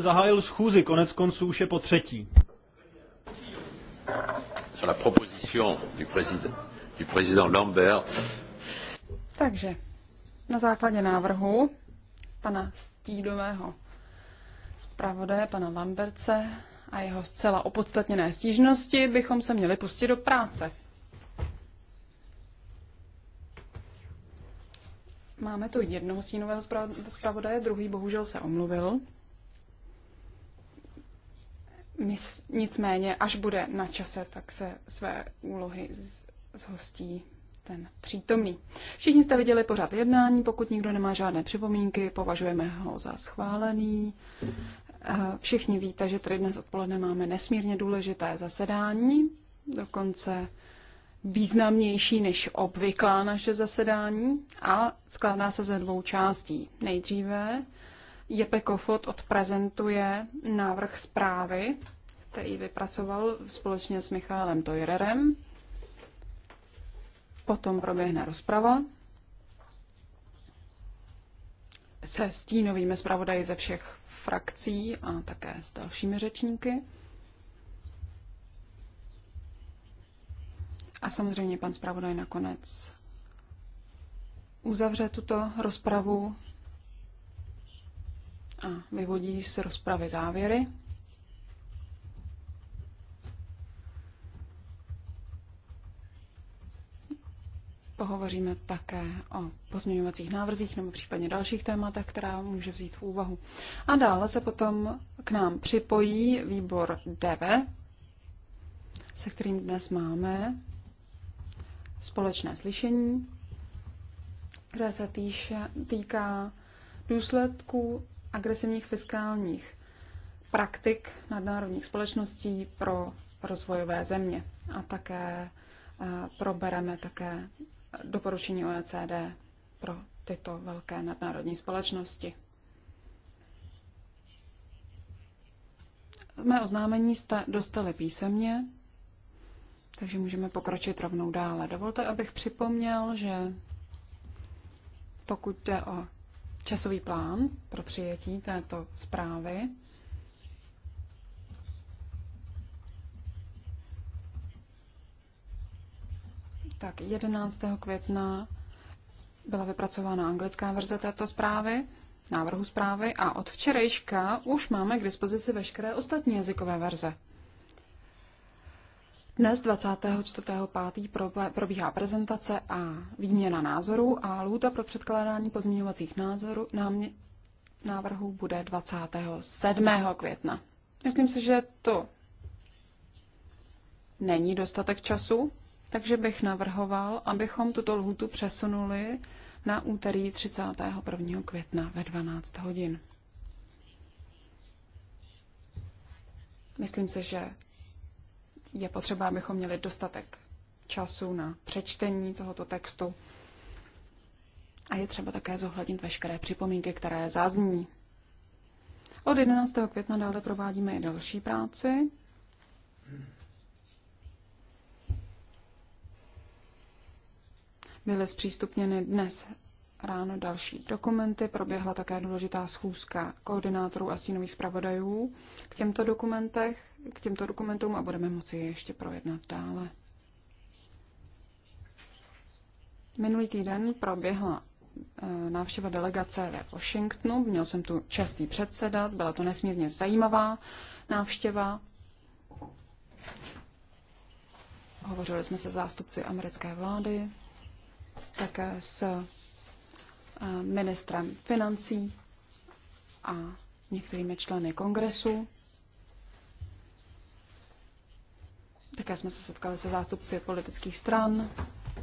jste zahájil schůzi, konec konců už je po třetí. Sur la proposition du président, du président Lambert. Takže na základě návrhu pana stídového zpravodaje, pana Lamberce a jeho zcela opodstatněné stížnosti bychom se měli pustit do práce. Máme tu jednoho stínového zpravodaje, druhý bohužel se omluvil. Nicméně, až bude na čase, tak se své úlohy zhostí ten přítomný. Všichni jste viděli pořád jednání, pokud nikdo nemá žádné připomínky, považujeme ho za schválený. Eh, všichni víte, že tady dnes odpoledne máme nesmírně důležité zasedání, dokonce významnější než obvyklá naše zasedání a skládá se ze dvou částí. Nejdříve Jepe Kofot odprezentuje návrh zprávy, který vypracoval společně s Michálem Tojrerem. Potom proběhne rozprava se stínovými zpravodaji ze všech frakcí a také s dalšími řečníky. A samozřejmě pan zpravodaj nakonec uzavře tuto rozpravu a vyvodí z rozpravy závěry. Pohovoříme také o pozměňovacích návrzích nebo případně dalších tématech, která může vzít v úvahu. A dále se potom k nám připojí výbor DV, se kterým dnes máme společné slyšení, které se týká důsledků agresivních fiskálních praktik nadnárodních společností pro rozvojové země. A také eh, probereme také doporučení OECD pro tyto velké nadnárodní společnosti. Mé oznámení jste dostali písemně, takže můžeme pokročit rovnou dále. Dovolte, abych připomněl, že pokud jde o časový plán pro přijetí této zprávy. Tak 11. května byla vypracována anglická verze této zprávy, návrhu zprávy a od včerejška už máme k dispozici veškeré ostatní jazykové verze. Dnes 24.5. probíhá prezentace a výměna názorů a lhůta pro předkládání pozměňovacích názorů námě, návrhu bude 27. května. Myslím si, že to není dostatek času, takže bych navrhoval, abychom tuto lhůtu přesunuli na úterý 31. května ve 12 hodin. Myslím si, že je potřeba, abychom měli dostatek času na přečtení tohoto textu. A je třeba také zohlednit veškeré připomínky, které zazní. Od 11. května dále provádíme i další práci. Byly zpřístupněny dnes ráno další dokumenty. Proběhla také důležitá schůzka koordinátorů a stínových zpravodajů k těmto dokumentech k těmto dokumentům a budeme moci je ještě projednat dále. Minulý týden proběhla eh, návštěva delegace ve Washingtonu. Měl jsem tu častý předsedat, byla to nesmírně zajímavá návštěva. Hovořili jsme se zástupci americké vlády, také s eh, ministrem financí a některými členy kongresu. Také jsme se setkali se zástupci politických stran,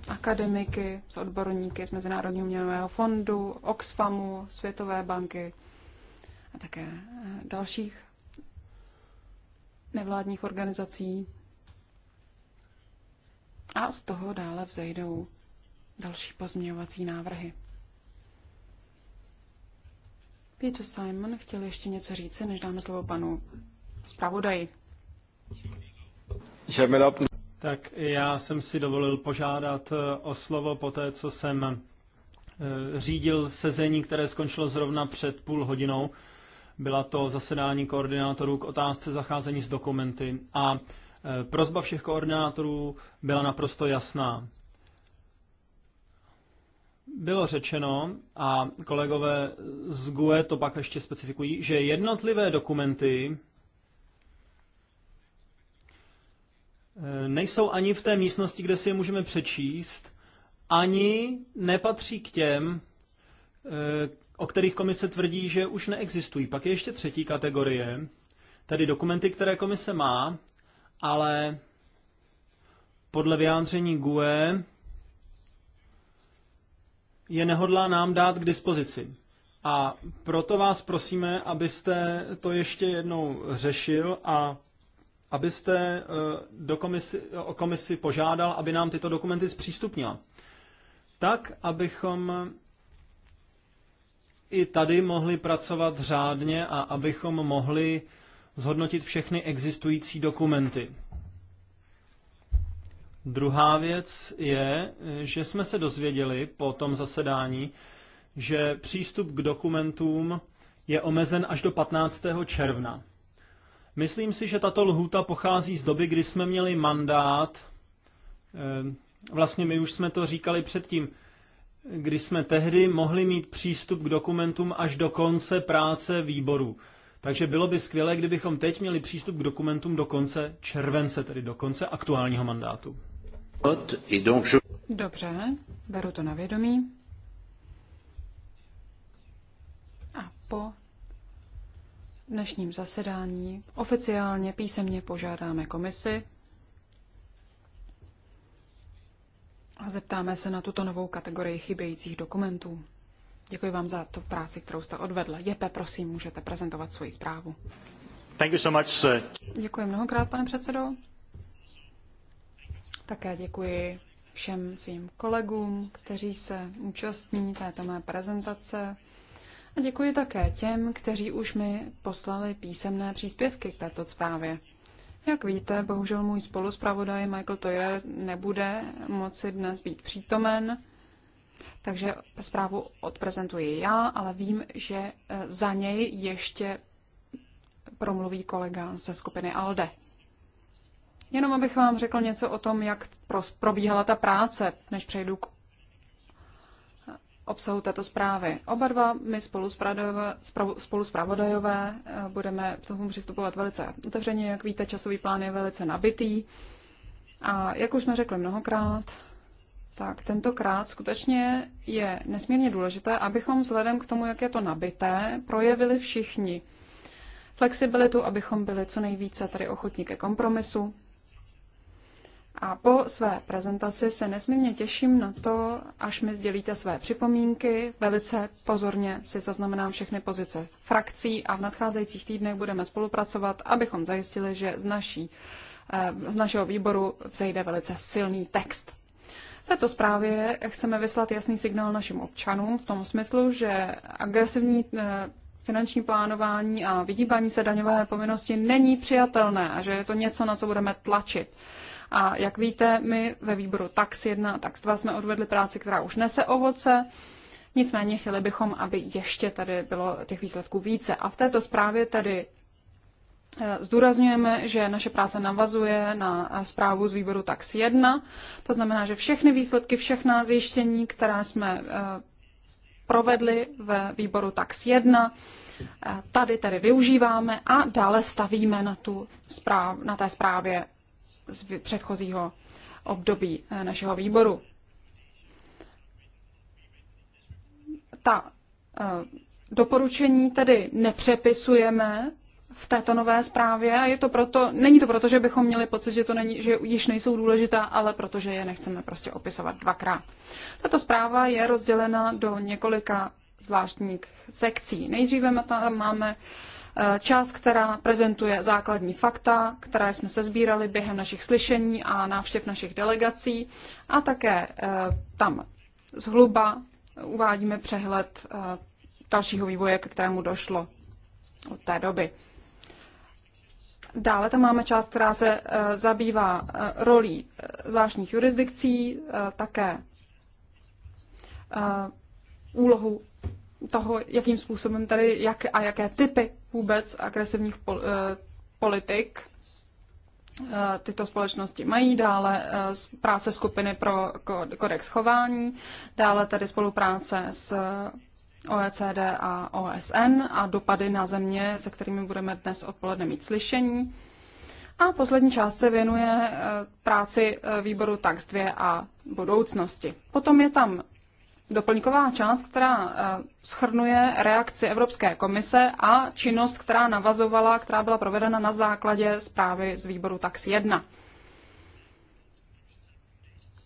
akademiky, s odborníky z Mezinárodního měnového fondu, Oxfamu, Světové banky a také eh, dalších nevládních organizací. A z toho dále vzejdou další pozměňovací návrhy. Peter Simon chtěl ještě něco říci, než dáme slovo panu zpravodaji. Tak já jsem si dovolil požádat eh, o slovo po té, co jsem eh, řídil sezení, které skončilo zrovna před půl hodinou. Byla to zasedání koordinátorů k otázce zacházení s dokumenty. A eh, prozba všech koordinátorů byla naprosto jasná. Bylo řečeno, a kolegové z GUE to pak ještě specifikují, že jednotlivé dokumenty nejsou ani v té místnosti, kde si je můžeme přečíst, ani nepatří k těm, eh, o kterých komise tvrdí, že už neexistují. Pak je ještě třetí kategorie, tedy dokumenty, které komise má, ale podle vyjádření GUE je nehodlá nám dát k dispozici. A proto vás prosíme, abyste to ještě jednou řešil a abyste eh, do komisi, o komisi požádal, aby nám tyto dokumenty zpřístupnila. Tak, abychom i tady mohli pracovat řádně a abychom mohli zhodnotit všechny existující dokumenty. Druhá věc je, že jsme se dozvěděli po tom zasedání, že přístup k dokumentům je omezen až do 15. června. Myslím si, že tato lhůta pochází z doby, kdy jsme měli mandát. Eh, vlastně my už jsme to říkali předtím, kdy jsme tehdy mohli mít přístup k dokumentům až do konce práce výboru. Takže bylo by skvělé, kdybychom teď měli přístup k dokumentům do konce července, tedy do konce aktuálního mandátu. Dobře, beru to na vědomí. A po dnešním zasedání oficiálně písemně požádáme komisi a zeptáme se na tuto novou kategorii chybějících dokumentů. Děkuji vám za tu práci, kterou jste odvedla. Jepe, prosím, můžete prezentovat svoji zprávu. Thank you so much, sir. Děkuji mnohokrát, pane předsedo. Také děkuji všem svým kolegům, kteří se účastní této mé prezentace. A děkuji také těm, kteří už mi poslali písemné příspěvky k této zprávě. Jak víte, bohužel můj spoluzpravodaj Michael Toyer nebude moci dnes být přítomen, takže zprávu odprezentuji já, ale vím, že eh, za něj ještě promluví kolega ze skupiny ALDE. Jenom abych vám řekl něco o tom, jak probíhala ta práce, než přejdu k obsahu této zprávy. Oba dva my spolu zpravodajové eh, budeme k tomu přistupovat velice otevřeně. Jak víte, časový plán je velice nabitý. A jak už jsme řekli mnohokrát, tak tentokrát skutečně je nesmírně důležité, abychom vzhledem k tomu, jak je to nabité, projevili všichni flexibilitu, abychom byli co nejvíce tady ochotní ke kompromisu a po své prezentaci se nesmírně těším na to, až mi sdělíte své připomínky. Velice pozorně si zaznamenám všechny pozice frakcí a v nadcházejících týdnech budeme spolupracovat, abychom zajistili, že z, naší, eh, z našeho výboru vzejde velice silný text. V této zprávě chceme vyslat jasný signál našim občanům v tom smyslu, že agresivní eh, finanční plánování a vydíbání se daňové povinnosti není přijatelné a že je to něco, na co budeme tlačit. A jak víte, my ve výboru TAX 1 a TAX 2 jsme odvedli práci, která už nese ovoce. Nicméně chtěli bychom, aby ještě tady bylo těch výsledků více. A v této zprávě tedy eh, Zdůrazňujeme, že naše práce navazuje na eh, zprávu z výboru TAX 1, to znamená, že všechny výsledky, všechna zjištění, která jsme eh, provedli ve výboru TAX 1, tady tedy využíváme a dále stavíme na, tu správ, na té zprávě z předchozího období eh, našeho výboru. Ta eh, doporučení tedy nepřepisujeme v této nové zprávě a je to proto, není to proto, že bychom měli pocit, že, to není, že již nejsou důležitá, ale protože je nechceme prostě opisovat dvakrát. Tato zpráva je rozdělena do několika zvláštních sekcí. Nejdříve tam máme uh, Eh, část, která prezentuje základní fakta, která jsme se sbírali během našich slyšení a návštěv našich delegací a také eh, tam zhluba uvádíme přehled eh, dalšího vývoje, k kterému došlo od té doby. Dále tam máme část, která se zabývá rolí zvláštních jurisdikcí, také úlohu toho, jakým způsobem tady jak a jaké typy vůbec agresivních pol, eh, politik eh, tyto společnosti mají, dále eh, práce skupiny pro kodex chování, dále tady spolupráce s OECD a OSN a dopady na země, se kterými budeme dnes odpoledne mít slyšení. A poslední část se věnuje práci výboru TAX 2 a budoucnosti. Potom je tam doplňková část, která eh, schrnuje reakci Evropské komise a činnost, která navazovala, která byla provedena na základě zprávy z výboru TAX 1.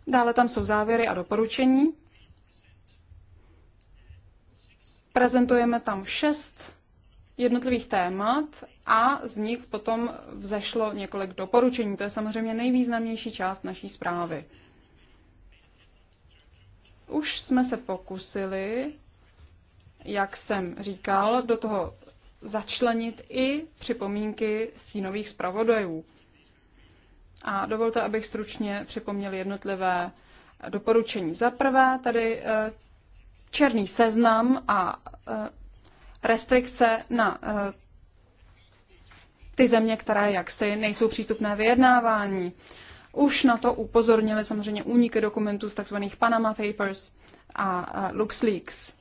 Dále tam jsou závěry a doporučení. Prezentujeme tam šest jednotlivých témat a z nich potom vzešlo několik doporučení. To je samozřejmě nejvýznamnější část naší zprávy. Už jsme se pokusili, jak jsem říkal, do toho začlenit i připomínky stínových zpravodajů. A dovolte, abych stručně připomněl jednotlivé doporučení. Za prvé, tady eh, černý seznam a eh, restrikce na eh, ty země, které jaksi nejsou přístupné vyjednávání. Už na to upozornili samozřejmě úniky dokumentů z tzv. Panama Papers a LuxLeaks.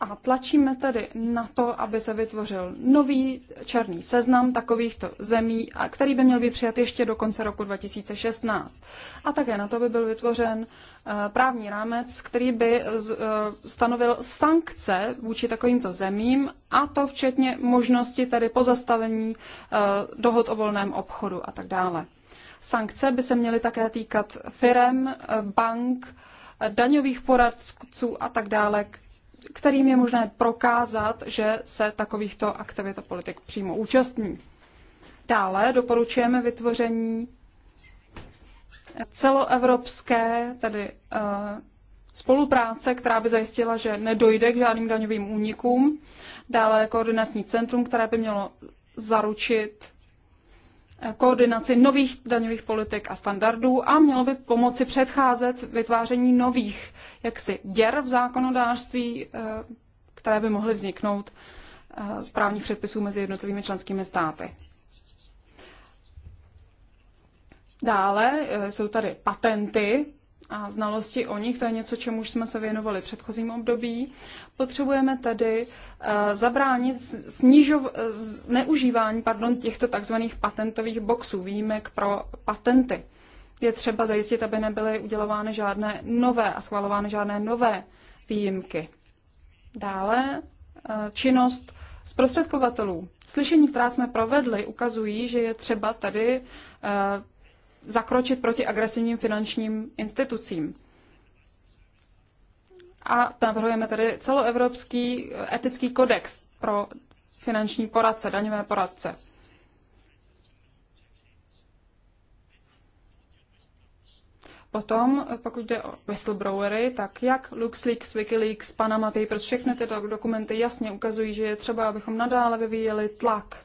A tlačíme tedy na to, aby se vytvořil nový černý seznam takovýchto zemí, a který by měl být přijat ještě do konce roku 2016. A také na to by byl vytvořen Eh, právní rámec, který by eh, eh, stanovil sankce vůči takovýmto zemím, a to včetně možnosti tedy pozastavení dohod o volném obchodu a tak dále. Sankce by se měly také týkat firem, bank, daňových poradců a tak dále, kterým je možné prokázat, že se takovýchto aktivit a politik přímo účastní. Dále doporučujeme vytvoření celoevropské tedy eh, spolupráce, která by zajistila, že nedojde k žádným daňovým únikům. Dále koordinační centrum, které by mělo zaručit eh, koordinaci nových daňových politik a standardů a mělo by pomoci předcházet vytváření nových jaksi děr v zákonodářství, eh, které by mohly vzniknout z právních předpisů mezi jednotlivými členskými státy. Dále eh, jsou tady patenty a znalosti o nich, to je něco, čemu už jsme se věnovali v předchozím období. Potřebujeme tedy eh, zabránit snižov, eh, neužívání pardon, těchto takzvaných patentových boxů, výjimek pro patenty. Je třeba zajistit, aby nebyly udělovány žádné nové a schvalovány žádné nové výjimky. Dále činnost zprostředkovatelů. Slyšení, která jsme provedli, ukazují, že je třeba tady zakročit proti agresivním finančním institucím. A navrhujeme tedy celoevropský eh, etický kodex pro finanční poradce, daňové poradce. Potom, eh, pokud jde o whistleblowery, tak jak LuxLeaks, Wikileaks, Panama Papers, všechny tyto dokumenty jasně ukazují, že je třeba, abychom nadále vyvíjeli tlak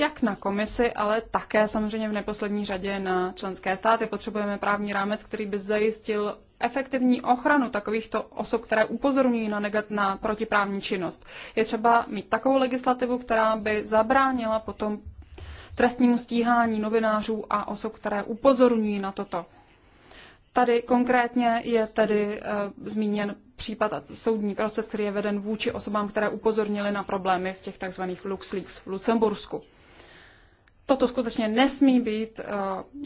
jak na komisi, ale také samozřejmě v neposlední řadě na členské státy. Potřebujeme právní rámec, který by zajistil efektivní ochranu takovýchto osob, které upozorňují na, negat- na protiprávní činnost. Je třeba mít takovou legislativu, která by zabránila potom trestnímu stíhání novinářů a osob, které upozorňují na toto. Tady konkrétně je tedy uh, zmíněn případ a soudní proces, který je veden vůči osobám, které upozornili na problémy v těch tzv. LuxLeaks v Lucembursku toto skutečně nesmí být eh,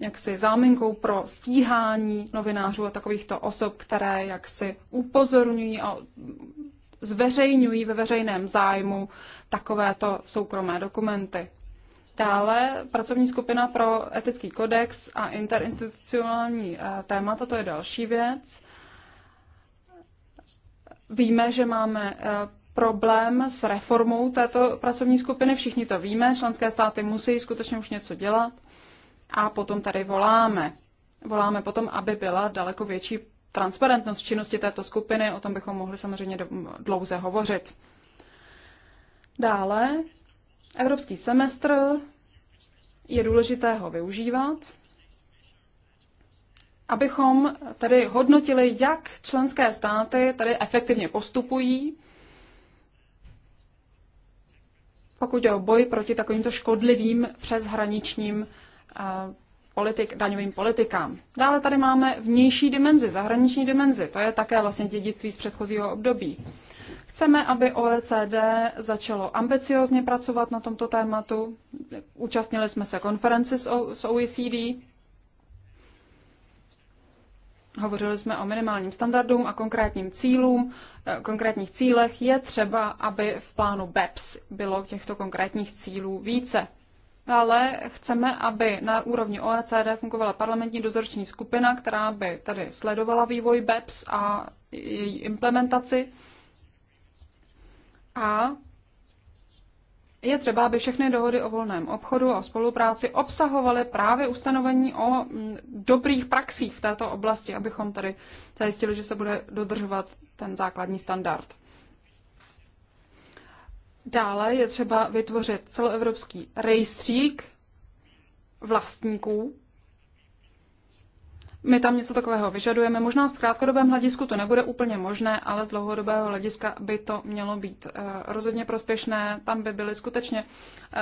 jaksi záminkou pro stíhání novinářů a takovýchto osob, které jaksi upozorňují a zveřejňují ve veřejném zájmu takovéto soukromé dokumenty. Dále pracovní skupina pro etický kodex a interinstitucionální eh, témata, to je další věc. Víme, že máme eh, problém s reformou této pracovní skupiny, všichni to víme, členské státy musí skutečně už něco dělat a potom tady voláme. Voláme potom, aby byla daleko větší transparentnost v činnosti této skupiny, o tom bychom mohli samozřejmě dlouze hovořit. Dále, evropský semestr je důležité ho využívat, abychom tedy hodnotili, jak členské státy tady efektivně postupují pokud jde o boj proti takovýmto škodlivým přeshraničním eh, politik, daňovým politikám. Dále tady máme vnější dimenzi, zahraniční dimenzi. To je také vlastně dědictví z předchozího období. Chceme, aby OECD začalo ambiciozně pracovat na tomto tématu. Účastnili jsme se konferenci s OECD, Hovořili jsme o minimálním standardům a konkrétním cílům, eh, konkrétních cílech. Je třeba, aby v plánu BEPS bylo těchto konkrétních cílů více. Ale chceme, aby na úrovni OECD fungovala parlamentní dozorční skupina, která by tady sledovala vývoj BEPS a její implementaci. A je třeba, aby všechny dohody o volném obchodu a spolupráci obsahovaly právě ustanovení o mm, dobrých praxích v této oblasti, abychom tady zajistili, že se bude dodržovat ten základní standard. Dále je třeba vytvořit celoevropský rejstřík vlastníků my tam něco takového vyžadujeme. Možná z krátkodobém hledisku to nebude úplně možné, ale z dlouhodobého hlediska by to mělo být eh, rozhodně prospěšné. Tam by byly skutečně eh,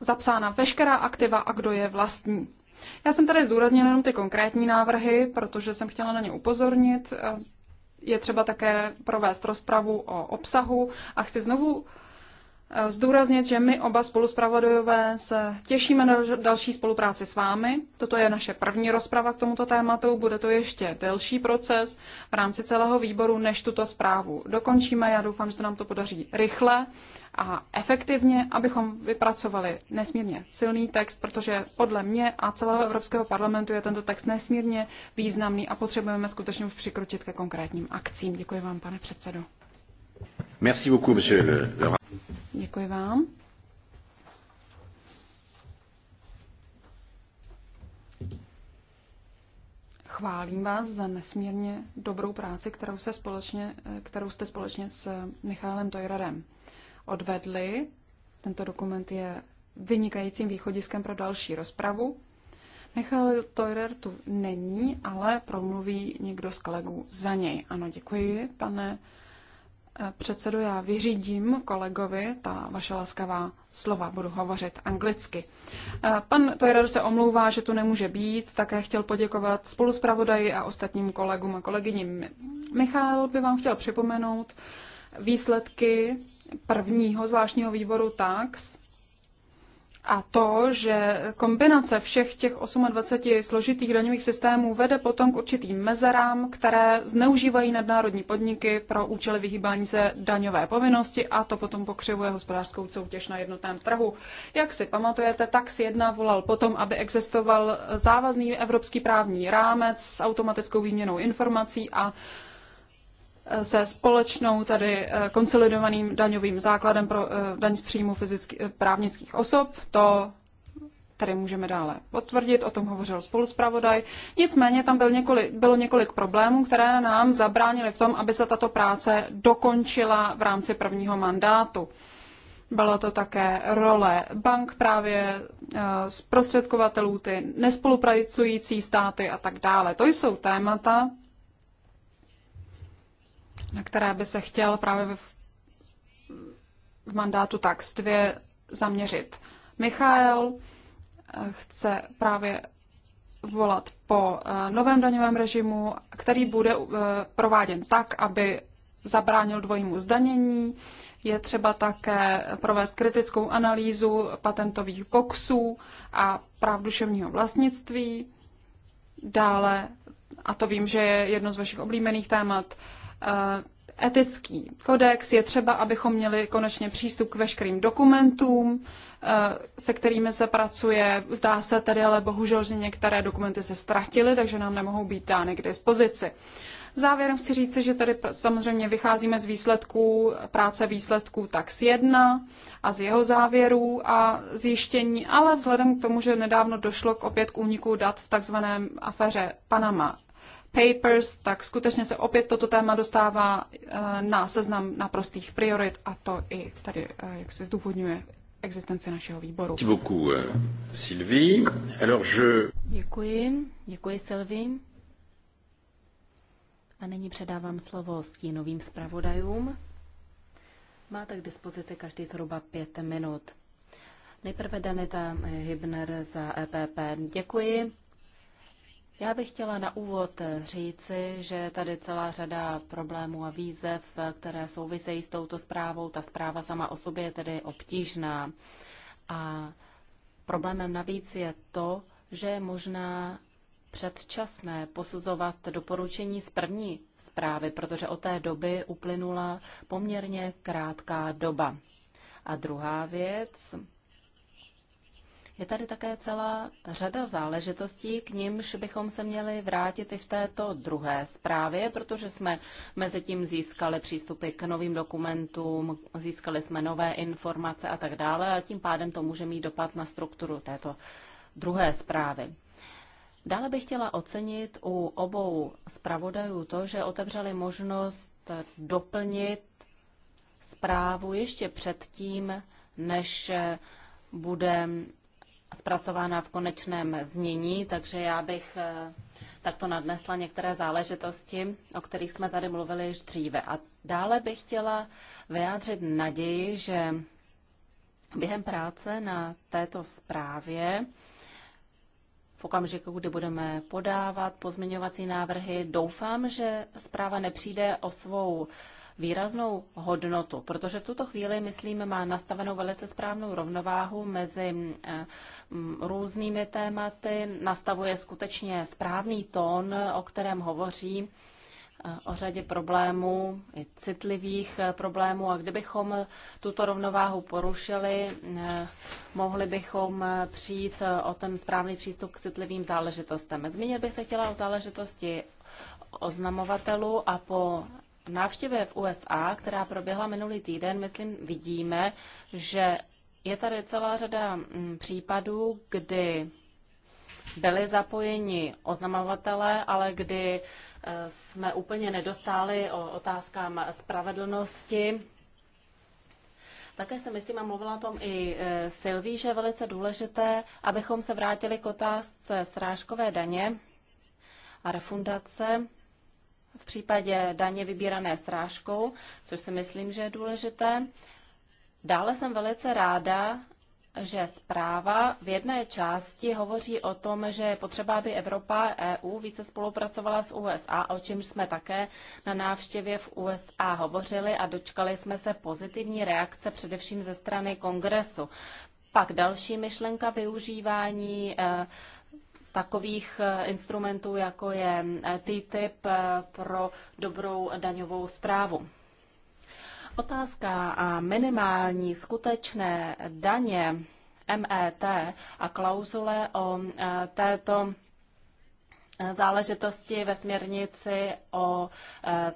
zapsána veškerá aktiva a kdo je vlastní. Já jsem tady zdůraznila jenom ty konkrétní návrhy, protože jsem chtěla na ně upozornit. Eh, je třeba také provést rozpravu o obsahu a chci znovu Eh, zdůraznit, že my oba spoluspravodajové se těšíme na další spolupráci s vámi. Toto je naše první rozprava k tomuto tématu. Bude to ještě delší proces v rámci celého výboru, než tuto zprávu dokončíme. Já doufám, že se nám to podaří rychle a efektivně, abychom vypracovali nesmírně silný text, protože podle mě a celého Evropského parlamentu je tento text nesmírně významný a potřebujeme skutečně už přikročit ke konkrétním akcím. Děkuji vám, pane předsedo. Merci beaucoup, monsieur le... Děkuji vám. Chválím vás za nesmírně dobrou práci, kterou, se společně, eh, kterou jste společně s Michálem Tojradem odvedli. Tento dokument je vynikajícím východiskem pro další rozpravu. Michal Teurer tu není, ale promluví někdo z kolegů za něj. Ano, děkuji, pane Eh, předsedo, já vyřídím kolegovi ta vaše laskavá slova, budu hovořit anglicky. Eh, pan Tojrad se omlouvá, že tu nemůže být, také chtěl poděkovat spoluspravodaji a ostatním kolegům a kolegyním. Michal by vám chtěl připomenout výsledky prvního zvláštního výboru TAX a to, že kombinace všech těch 28 složitých daňových systémů vede potom k určitým mezerám, které zneužívají nadnárodní podniky pro účely vyhýbání se daňové povinnosti a to potom pokřivuje hospodářskou soutěž na jednotném trhu. Jak si pamatujete, tak si jedna volal potom, aby existoval závazný evropský právní rámec s automatickou výměnou informací a se společnou tady eh, konsolidovaným daňovým základem pro eh, daň z příjmu fyzických eh, právnických osob. To tady můžeme dále potvrdit, o tom hovořil spoluspravodaj. Nicméně tam byl několik, bylo několik problémů, které nám zabránily v tom, aby se tato práce dokončila v rámci prvního mandátu. Byla to také role bank právě zprostředkovatelů, ty nespolupracující státy a tak dále. To jsou témata, na které by se chtěl právě v, v mandátu TAX 2 zaměřit. Michael eh, chce právě volat po eh, novém daňovém režimu, který bude eh, prováděn tak, aby zabránil dvojímu zdanění. Je třeba také provést kritickou analýzu patentových boxů a práv duševního vlastnictví. Dále, a to vím, že je jedno z vašich oblíbených témat, Eh, etický kodex, je třeba, abychom měli konečně přístup k veškerým dokumentům, eh, se kterými se pracuje. Zdá se tedy ale bohužel, že některé dokumenty se ztratily, takže nám nemohou být dány k dispozici. Závěrem chci říci, že tady samozřejmě vycházíme z výsledků práce výsledků tax 1 a z jeho závěrů a zjištění, ale vzhledem k tomu, že nedávno došlo k opět k úniku dat v takzvaném aféře Panama Papers, tak skutečně se opět toto téma dostává eh, na seznam naprostých priorit a to i tady, eh, jak se zdůvodňuje existenci našeho výboru. Eh, děkuji, děkuji Sylvie. A nyní předávám slovo stínovým zpravodajům. Máte k dispozici každý zhruba pět minut. Nejprve Danita Hybner za EPP. Děkuji. Já bych chtěla na úvod eh, říci, že tady celá řada problémů a výzev, eh, které souvisejí s touto zprávou. Ta zpráva sama o sobě je tedy obtížná. A problémem navíc je to, že je možná předčasné posuzovat doporučení z první zprávy, protože od té doby uplynula poměrně krátká doba. A druhá věc, je tady také celá řada záležitostí, k nimž bychom se měli vrátit i v této druhé zprávě, protože jsme mezi tím získali přístupy k novým dokumentům, získali jsme nové informace a tak dále a tím pádem to může mít dopad na strukturu této druhé zprávy. Dále bych chtěla ocenit u obou zpravodajů to, že otevřeli možnost doplnit zprávu ještě předtím, než bude zpracována v konečném znění, takže já bych eh, takto nadnesla některé záležitosti, o kterých jsme tady mluvili již dříve. A dále bych chtěla vyjádřit naději, že během práce na této zprávě v okamžiku, kdy budeme podávat pozměňovací návrhy, doufám, že zpráva nepřijde o svou výraznou hodnotu, protože v tuto chvíli, myslím, má nastavenou velice správnou rovnováhu mezi eh, mm, různými tématy, nastavuje skutečně správný tón, o kterém hovoří eh, o řadě problémů, i citlivých eh, problémů a kdybychom tuto rovnováhu porušili, mohli bychom přijít o ten správný přístup k citlivým záležitostem. Zmínit bych se chtěla o záležitosti oznamovatelů a po návštěvě v USA, která proběhla minulý týden, myslím, vidíme, že je tady celá řada mm, případů, kdy byli zapojeni oznamovatele, ale kdy e, jsme úplně nedostáli o otázkám spravedlnosti. Také si myslím, a mluvila o tom i e, Silví, že je velice důležité, abychom se vrátili k otázce strážkové daně a refundace v případě daně vybírané strážkou, což si myslím, že je důležité. Dále jsem velice ráda, že zpráva v jedné části hovoří o tom, že je potřeba, aby Evropa EU více spolupracovala s USA, o čemž jsme také na návštěvě v USA hovořili a dočkali jsme se pozitivní reakce především ze strany kongresu. Pak další myšlenka využívání eh, takových eh, instrumentů, jako je eh, TTIP eh, pro dobrou daňovou zprávu. Otázka a minimální skutečné daně MET a klauzule o této záležitosti ve směrnici o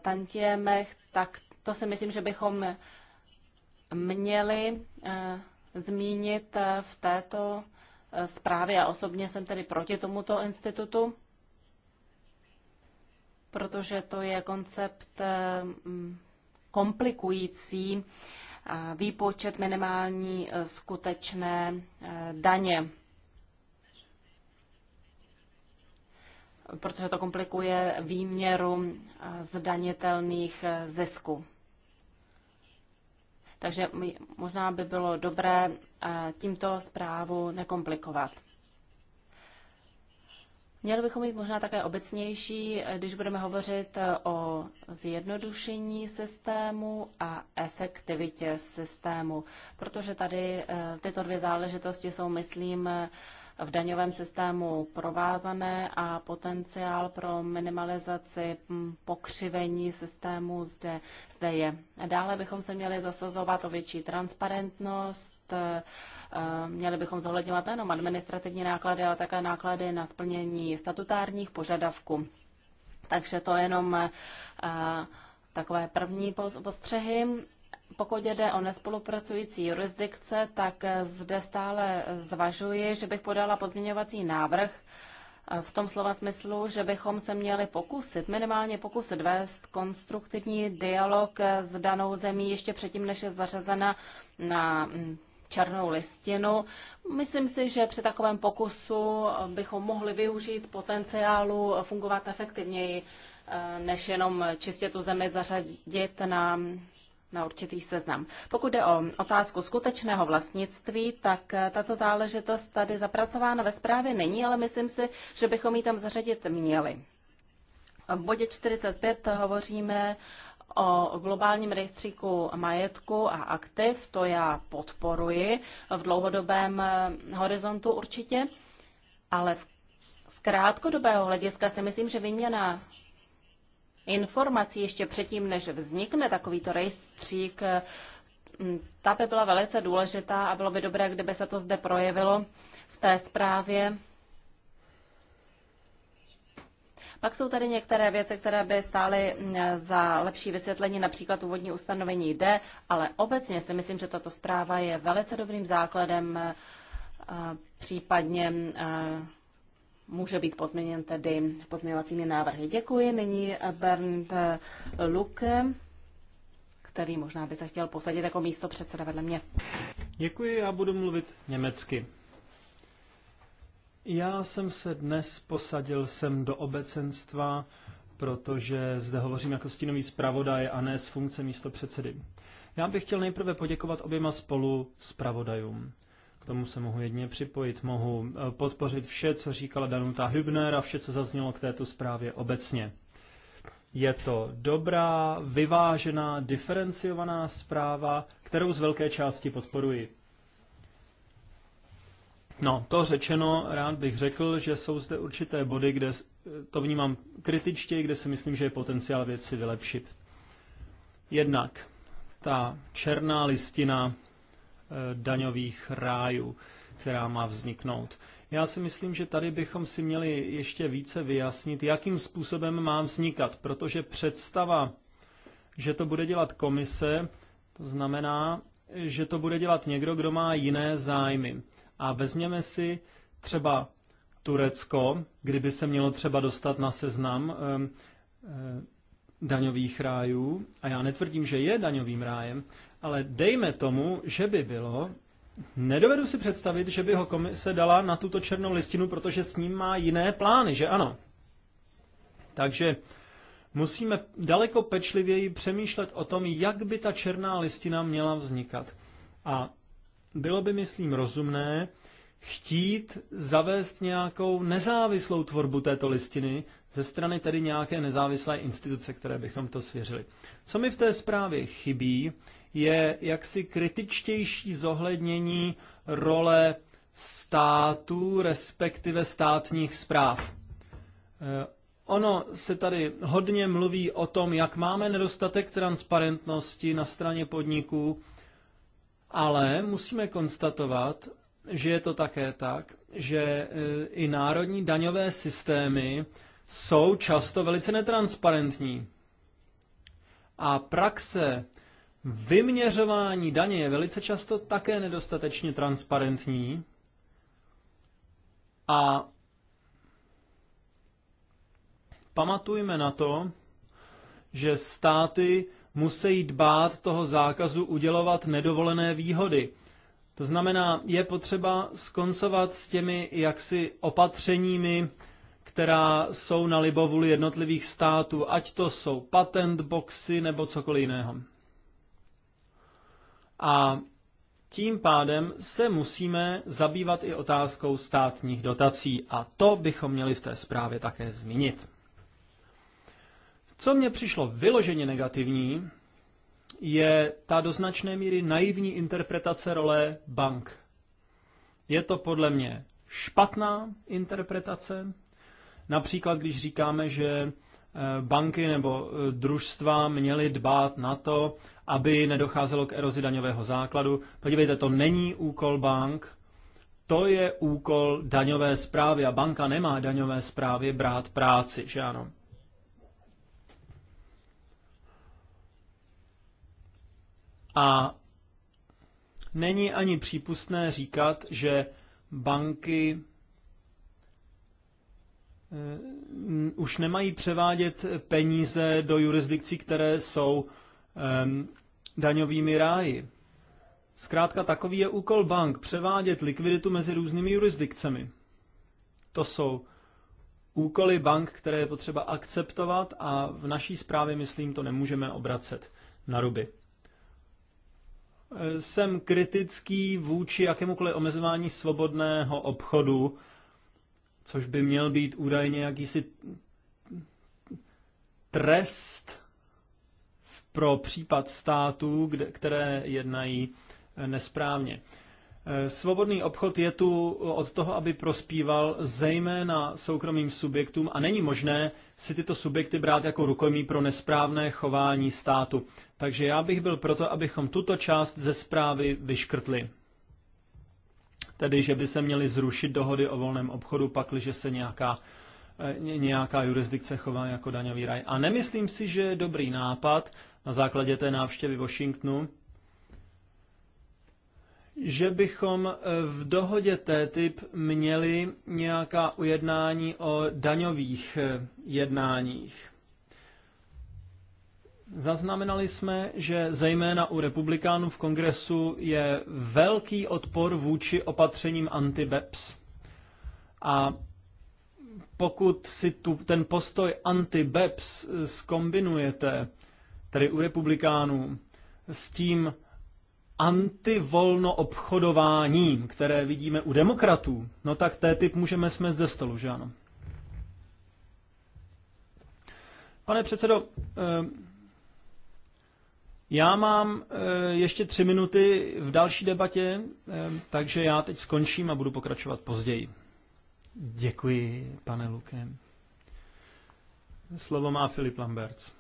tantiemech, tak to si myslím, že bychom měli zmínit v této zprávy. Já osobně jsem tedy proti tomuto institutu, protože to je koncept eh, mm, komplikující eh, výpočet minimální eh, skutečné daně. protože to komplikuje výměru zdanitelných zisků. Takže možná by bylo dobré eh, tímto zprávu nekomplikovat. Měli bychom být možná také obecnější, eh, když budeme hovořit eh, o zjednodušení systému a efektivitě systému, protože tady tyto dvě záležitosti jsou, myslím, v daňovém systému provázané a potenciál pro minimalizaci mm, pokřivení systému zde, zde je. Dále bychom se měli zasazovat o větší transparentnost, eh, měli bychom zohledňovat nejenom administrativní náklady, ale také náklady na splnění statutárních požadavků. Takže to jenom eh, takové první postřehy pokud jde o nespolupracující jurisdikce, tak zde stále zvažuji, že bych podala pozměňovací návrh v tom slova smyslu, že bychom se měli pokusit, minimálně pokusit vést konstruktivní dialog s danou zemí ještě předtím, než je zařazena na černou listinu. Myslím si, že při takovém pokusu bychom mohli využít potenciálu fungovat efektivněji, než jenom čistě tu zemi zařadit na na určitý seznam. Pokud jde o otázku skutečného vlastnictví, tak eh, tato záležitost tady zapracována ve zprávě není, ale myslím si, že bychom ji tam zařadit měli. V bodě 45 hovoříme o globálním rejstříku majetku a aktiv, to já podporuji v dlouhodobém eh, horizontu určitě, ale z krátkodobého hlediska si myslím, že výměna informací ještě předtím, než vznikne takovýto rejstřík, mm, ta by byla velice důležitá a bylo by dobré, kdyby se to zde projevilo v té zprávě. Pak jsou tady některé věci, které by stály mm, za lepší vysvětlení, například úvodní ustanovení D, ale obecně si myslím, že tato zpráva je velice dobrým základem, případně může být pozměněn tedy pozměňovacími návrhy. Děkuji. Nyní Bernd Luke, který možná by se chtěl posadit jako místo předseda vedle mě. Děkuji, já budu mluvit německy. Já jsem se dnes posadil sem do obecenstva, protože zde hovořím jako stínový zpravodaj a ne z funkce místo předsedy. Já bych chtěl nejprve poděkovat oběma spolu zpravodajům tomu se mohu jedně připojit. Mohu eh, podpořit vše, co říkala Danuta Hübner a vše, co zaznělo k této zprávě obecně. Je to dobrá, vyvážená, diferenciovaná zpráva, kterou z velké části podporuji. No, to řečeno, rád bych řekl, že jsou zde určité body, kde to vnímám kritičtěji, kde si myslím, že je potenciál věci vylepšit. Jednak ta černá listina Eh, daňových rájů, která má vzniknout. Já si myslím, že tady bychom si měli ještě více vyjasnit, jakým způsobem má vznikat, protože představa, že to bude dělat komise, to znamená, že to bude dělat někdo, kdo má jiné zájmy. A vezměme si třeba Turecko, kdyby se mělo třeba dostat na seznam e, e, daňových rájů, a já netvrdím, že je daňovým rájem, ale dejme tomu, že by bylo, nedovedu si představit, že by ho komise dala na tuto černou listinu, protože s ním má jiné plány, že ano? Takže musíme daleko pečlivěji přemýšlet o tom, jak by ta černá listina měla vznikat. A bylo by, myslím, rozumné chtít zavést nějakou nezávislou tvorbu této listiny ze strany tedy nějaké nezávislé instituce, které bychom to svěřili. Co mi v té zprávě chybí, je jaksi kritičtější zohlednění role státu respektive státních zpráv. Eh, ono se tady hodně mluví o tom, jak máme nedostatek transparentnosti na straně podniků, ale musíme konstatovat, že je to také tak, že eh, i národní daňové systémy jsou často velice netransparentní. A praxe Vyměřování daně je velice často také nedostatečně transparentní a pamatujme na to, že státy musí dbát toho zákazu udělovat nedovolené výhody. To znamená, je potřeba skoncovat s těmi jaksi opatřeními, která jsou na libovůli jednotlivých států, ať to jsou patent boxy nebo cokoliv jiného. A tím pádem se musíme zabývat i otázkou státních dotací a to bychom měli v té zprávě také zmínit. Co mně přišlo vyloženě negativní, je ta do značné míry naivní interpretace role bank. Je to podle mě špatná interpretace. Například, když říkáme, že Eh, banky nebo eh, družstva měly dbát na to, aby nedocházelo k erozi daňového základu. Podívejte, to není úkol bank, to je úkol daňové zprávy a banka nemá daňové zprávy brát práci, že ano? A není ani přípustné říkat, že banky Eh, už nemají převádět peníze do jurisdikcí, které jsou um, daňovými ráji. Zkrátka takový je úkol bank převádět likviditu mezi různými jurisdikcemi. To jsou úkoly bank, které je potřeba akceptovat a v naší zprávě, myslím, to nemůžeme obracet na ruby. Eh, jsem kritický vůči jakémukoliv omezování svobodného obchodu, což by měl být údajně jakýsi trest pro případ států, které jednají eh, nesprávně. Eh, svobodný obchod je tu od toho, aby prospíval zejména soukromým subjektům a není možné si tyto subjekty brát jako rukojmí pro nesprávné chování státu. Takže já bych byl proto, abychom tuto část ze zprávy vyškrtli tedy že by se měly zrušit dohody o volném obchodu, pakliže se nějaká, eh, nějaká jurisdikce chová jako daňový raj. A nemyslím si, že je dobrý nápad na základě té návštěvy Washingtonu, že bychom eh, v dohodě TTIP měli nějaká ujednání o daňových eh, jednáních. Zaznamenali jsme, že zejména u republikánů v kongresu je velký odpor vůči opatřením anti-BEPS. A pokud si tu, ten postoj anti-BEPS skombinujete, eh, tedy u republikánů, s tím antivolno obchodováním, které vidíme u demokratů, no tak té typ můžeme jsme ze stolu, že ano? Pane předsedo, eh, já mám eh, ještě tři minuty v další debatě, eh, takže já teď skončím a budu pokračovat později. Děkuji, pane Luke. Slovo má Filip Lamberts.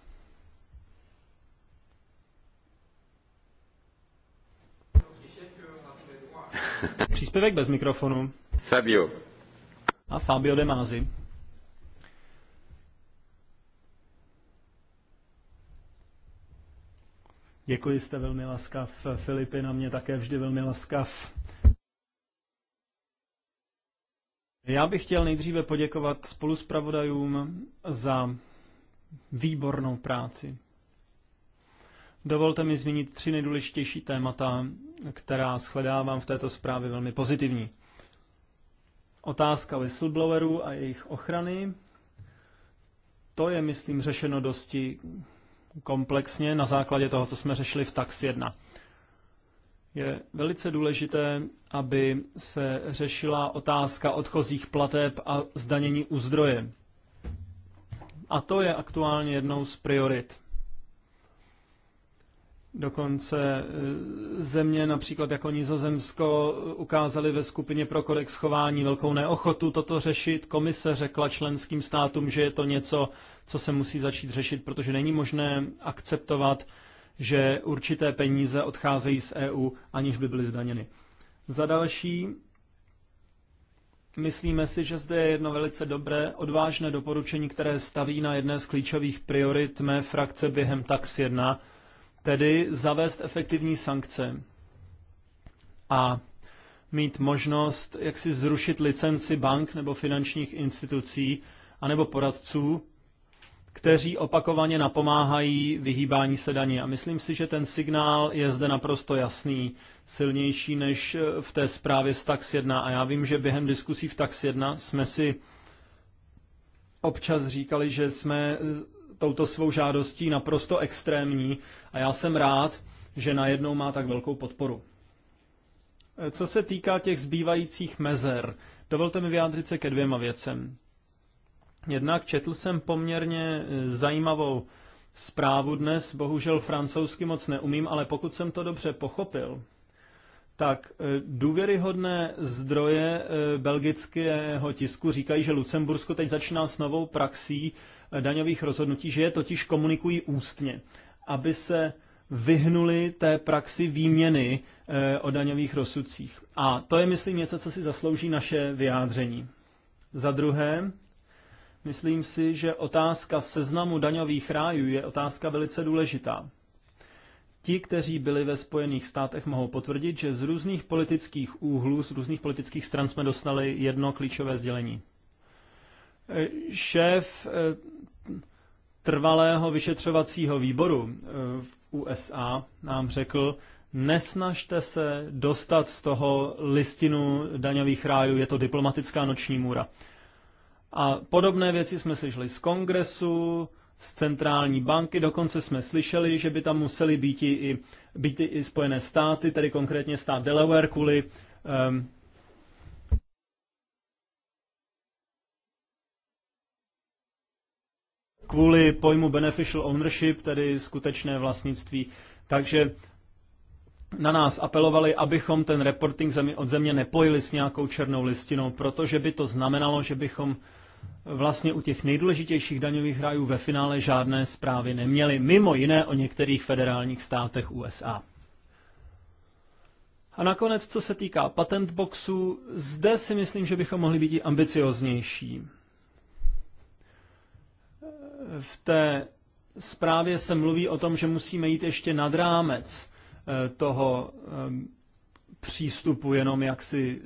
Příspěvek bez mikrofonu. Fabio. A Fabio De Děkuji, jste velmi laskav. Filipy na mě také vždy velmi laskav. Já bych chtěl nejdříve poděkovat spoluspravodajům za výbornou práci. Dovolte mi zmínit tři nejdůležitější témata, která shledávám v této zprávě velmi pozitivní. Otázka whistleblowerů a jejich ochrany. To je, myslím, řešeno dosti komplexně na základě toho, co jsme řešili v TAX 1. Je velice důležité, aby se řešila otázka odchozích plateb a zdanění u zdroje. A to je aktuálně jednou z priorit. Dokonce e, země například jako Nizozemsko ukázali ve skupině pro kodex chování velkou neochotu toto řešit. Komise řekla členským státům, že je to něco, co se musí začít řešit, protože není možné akceptovat, že určité peníze odcházejí z EU, aniž by byly zdaněny. Za další, myslíme si, že zde je jedno velice dobré, odvážné doporučení, které staví na jedné z klíčových priorit mé frakce během TAX 1, tedy zavést efektivní sankce a mít možnost, jak si zrušit licenci bank nebo finančních institucí anebo poradců, kteří opakovaně napomáhají vyhýbání se daní. A myslím si, že ten signál je zde naprosto jasný, silnější než eh, v té zprávě z TAX 1. A já vím, že během diskusí v TAX 1 jsme si občas říkali, že jsme touto svou žádostí naprosto extrémní a já jsem rád, že najednou má tak velkou podporu. E, co se týká těch zbývajících mezer, dovolte mi vyjádřit se ke dvěma věcem. Jednak četl jsem poměrně e, zajímavou zprávu dnes, bohužel francouzsky moc neumím, ale pokud jsem to dobře pochopil, tak e, důvěryhodné zdroje e, belgického tisku říkají, že Lucembursko teď začíná s novou praxí e, daňových rozhodnutí, že je totiž komunikují ústně, aby se vyhnuli té praxi výměny o daňových rozsudcích. A to je, myslím, něco, co si zaslouží naše vyjádření. Za druhé, myslím si, že otázka seznamu daňových rájů je otázka velice důležitá. Ti, kteří byli ve Spojených státech, mohou potvrdit, že z různých politických úhlů, z různých politických stran jsme dostali jedno klíčové sdělení. Šéf eh, trvalého vyšetřovacího výboru eh, v USA nám řekl, nesnažte se dostat z toho listinu daňových rájů, je to diplomatická noční můra. A podobné věci jsme slyšeli z kongresu, z centrální banky. Dokonce jsme slyšeli, že by tam museli být i, být i Spojené státy, tedy konkrétně stát Delaware kvůli um, kvůli pojmu beneficial ownership, tedy skutečné vlastnictví. Takže na nás apelovali, abychom ten reporting zemi od země nepojili s nějakou černou listinou, protože by to znamenalo, že bychom vlastně u těch nejdůležitějších daňových rájů ve finále žádné zprávy neměli, mimo jiné o některých federálních státech USA. A nakonec, co se týká patentboxu, zde si myslím, že bychom mohli být ambicioznější. V té zprávě se mluví o tom, že musíme jít ještě nad rámec eh, toho eh, přístupu jenom jaksi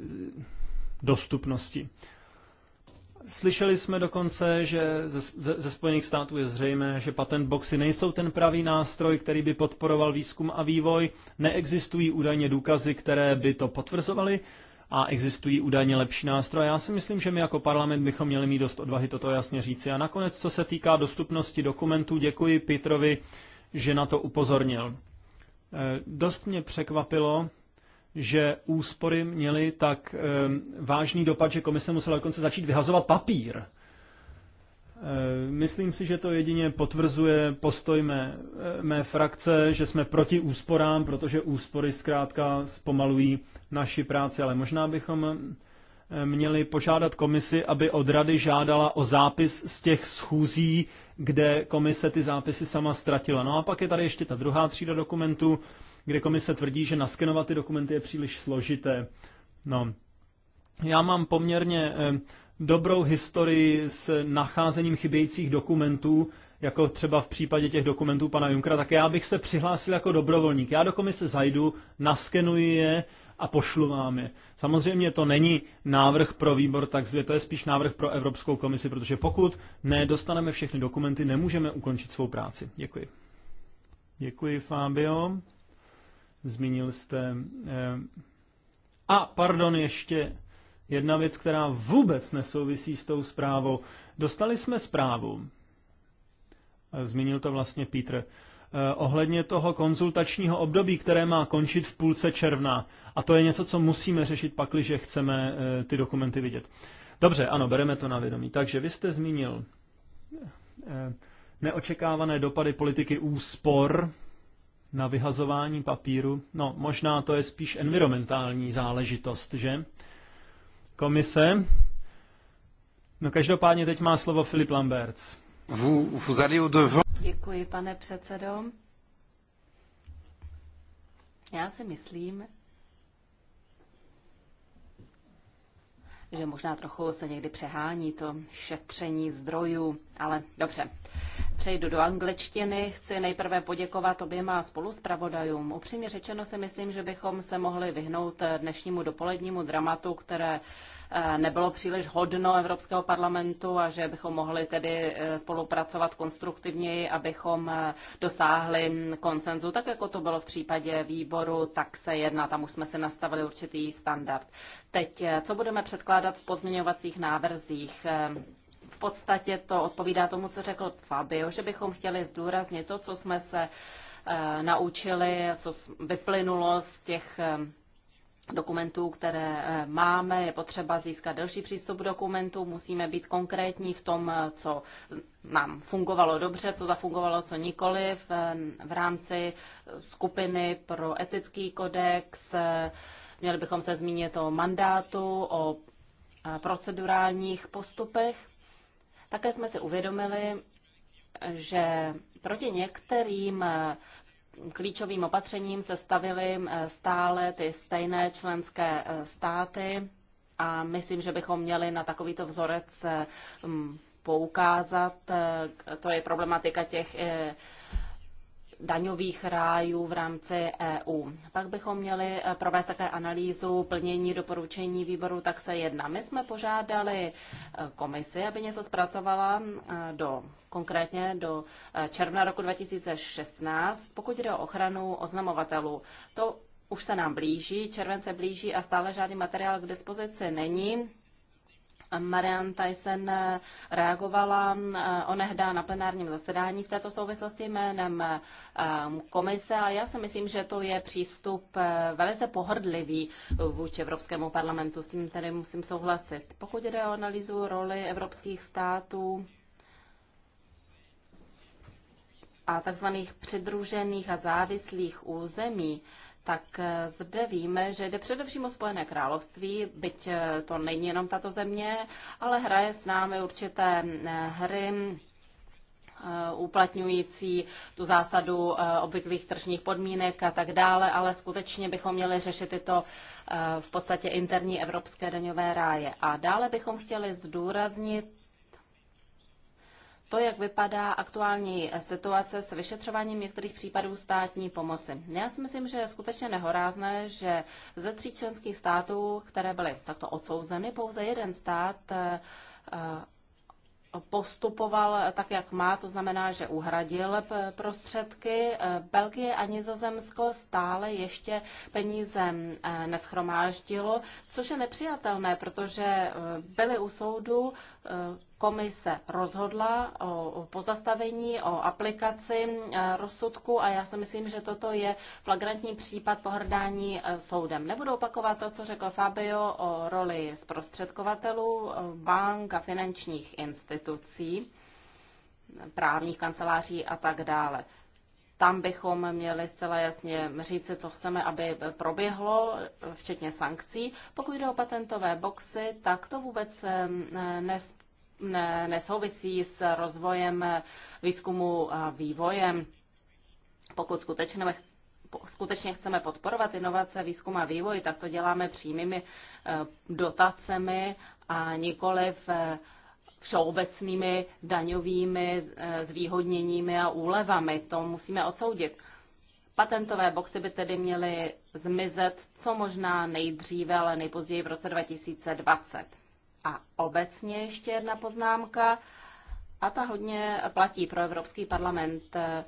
dostupnosti. Slyšeli jsme dokonce, že ze, ze Spojených států je zřejmé, že patent boxy nejsou ten pravý nástroj, který by podporoval výzkum a vývoj. Neexistují údajně důkazy, které by to potvrzovaly a existují údajně lepší nástroje. Já si myslím, že my jako parlament bychom měli mít dost odvahy toto jasně říci. A nakonec, co se týká dostupnosti dokumentů, děkuji Petrovi, že na to upozornil. E, dost mě překvapilo, že úspory měly tak vážný dopad, že komise musela dokonce začít vyhazovat papír. Myslím si, že to jedině potvrzuje postoj mé, mé frakce, že jsme proti úsporám, protože úspory zkrátka zpomalují naši práci, ale možná bychom měli požádat komisi, aby od rady žádala o zápis z těch schůzí, kde komise ty zápisy sama ztratila. No a pak je tady ještě ta druhá třída dokumentů, kde komise tvrdí, že naskenovat ty dokumenty je příliš složité. No, já mám poměrně eh, dobrou historii s nacházením chybějících dokumentů, jako třeba v případě těch dokumentů pana Junkra, tak já bych se přihlásil jako dobrovolník. Já do komise zajdu, naskenuji je a pošlu vám je. Samozřejmě to není návrh pro výbor tak to je spíš návrh pro Evropskou komisi, protože pokud nedostaneme všechny dokumenty, nemůžeme ukončit svou práci. Děkuji. Děkuji, Fabio. Zmínil jste... Eh, a, pardon, ještě jedna věc, která vůbec nesouvisí s tou zprávou. Dostali jsme zprávu, zmínil to vlastně Petr, eh, ohledně toho konzultačního období, které má končit v půlce června. A to je něco, co musíme řešit pakliže chceme eh, ty dokumenty vidět. Dobře, ano, bereme to na vědomí. Takže vy jste zmínil neočekávané dopady politiky úspor na vyhazování papíru, no možná to je spíš environmentální záležitost, že? Komise. No každopádně teď má slovo Filip Lamberts. Děkuji, pane předsedo. Já si myslím, že možná trochu se někdy přehání to šetření zdrojů, ale dobře přejdu do angličtiny. Chci nejprve poděkovat oběma spoluspravodajům. Upřímně řečeno si myslím, že bychom se mohli vyhnout eh, dnešnímu dopolednímu dramatu, které eh, nebylo příliš hodno Evropského parlamentu a že bychom mohli tedy eh, spolupracovat konstruktivněji, abychom dosáhli konsenzu, tak jako to bylo v případě výboru, tak se jedná, tam už jsme si nastavili určitý standard. Teď, co budeme předkládat v pozměňovacích návrzích? podstatě to odpovídá tomu, co řekl Fabio, že bychom chtěli zdůraznit to, co jsme se eh, naučili, co vyplynulo z těch eh, dokumentů, které eh, máme. Je potřeba získat delší přístup k dokumentu, musíme být konkrétní v tom, co nám fungovalo dobře, co zafungovalo, co nikoli v, v rámci skupiny pro etický kodex. Měli bychom se zmínit o mandátu, o procedurálních postupech. Také jsme si uvědomili, že proti některým eh, klíčovým opatřením se stavily eh, stále ty stejné členské eh, státy a myslím, že bychom měli na takovýto vzorec poukázat. To je problematika těch daňových rájů v rámci EU. Pak bychom měli eh, provést také analýzu plnění doporučení výboru tak se jedna. My jsme požádali eh, komisi, aby něco zpracovala eh, do konkrétně do června roku 2016, pokud jde o ochranu oznamovatelů. To už se nám blíží, červen se blíží a stále žádný materiál k dispozici není. Marian Tyson eh, reagovala eh, onehdá na plenárním zasedání v této souvislosti jménem eh, komise a já si myslím, že to je přístup velice pohrdlivý vůči Evropskému parlamentu, s tím tedy musím souhlasit. Pokud jde o analýzu roli evropských států a takzvaných přidružených a závislých území, tak eh, zde víme, že jde především o Spojené království, byť eh, to není jenom tato země, ale hraje s námi určité eh, hry uplatňující tu zásadu obvyklých tržních podmínek a tak dále, ale skutečně bychom měli řešit tyto v podstatě interní evropské daňové ráje. A dále bychom chtěli zdůraznit to, jak vypadá aktuální situace s vyšetřováním některých případů státní pomoci. Já si myslím, že je skutečně nehorázné, že ze tří členských států, které byly takto odsouzeny, pouze jeden stát eh, eh, postupoval tak, jak má, to znamená, že uhradil prostředky. Eh, Belgie a Nizozemsko stále ještě peníze neschromáždilo, což je nepřijatelné, protože byly u soudu komise rozhodla o pozastavení, o aplikaci e, rozsudku a já si myslím, že toto je flagrantní případ pohrdání e, soudem. Nebudu opakovat to, co řekl Fabio o roli zprostředkovatelů, e, bank a finančních institucí, právních kanceláří a tak dále. Tam bychom měli zcela jasně říct, co chceme, aby proběhlo, včetně sankcí. Pokud jde o patentové boxy, tak to vůbec eh, nes, ne, nesouvisí s rozvojem eh, výzkumu a vývojem. Pokud skutečně skutečně chceme podporovat inovace, výzkum a vývoj, tak to děláme přímými eh, dotacemi a nikoliv v všeobecnými daňovými eh, zvýhodněními a úlevami. To musíme odsoudit. Patentové boxy by tedy měly zmizet co možná nejdříve, ale nejpozději v roce 2020. A obecně ještě jedna poznámka, a ta hodně platí pro Evropský parlament. Eh,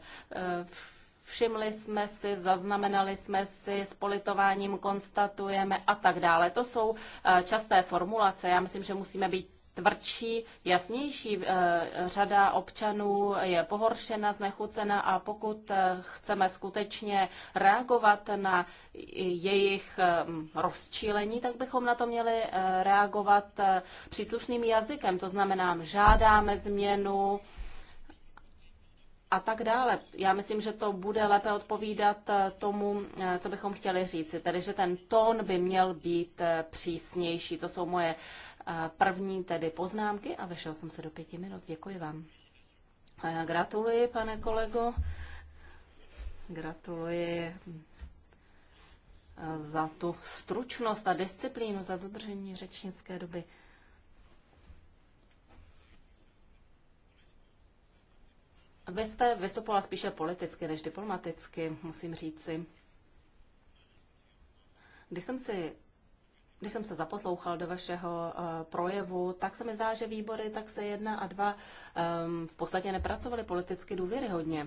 všimli jsme si, zaznamenali jsme si, s politováním konstatujeme a tak dále. To jsou eh, časté formulace. Já myslím, že musíme být tvrdší, jasnější. Eh, řada občanů je pohoršena, znechucena a pokud eh, chceme skutečně reagovat na jejich ehm, rozčílení, tak bychom na to měli eh, reagovat příslušným jazykem. To znamená, žádáme změnu, a tak dále. Já myslím, že to bude lépe odpovídat tomu, co bychom chtěli říci. Tedy, že ten tón by měl být přísnější. To jsou moje První tedy poznámky a vešel jsem se do pěti minut. Děkuji vám. Gratuluji, pane kolego. Gratuluji eh, za tu stručnost a disciplínu, za dodržení řečnické doby. Vy jste vystupovala spíše politicky než diplomaticky, musím říci. Když jsem si když jsem se zaposlouchal do vašeho eh, projevu, tak se mi zdá, že výbory tak se jedna a dva ehm, v podstatě nepracovaly politicky důvěryhodně.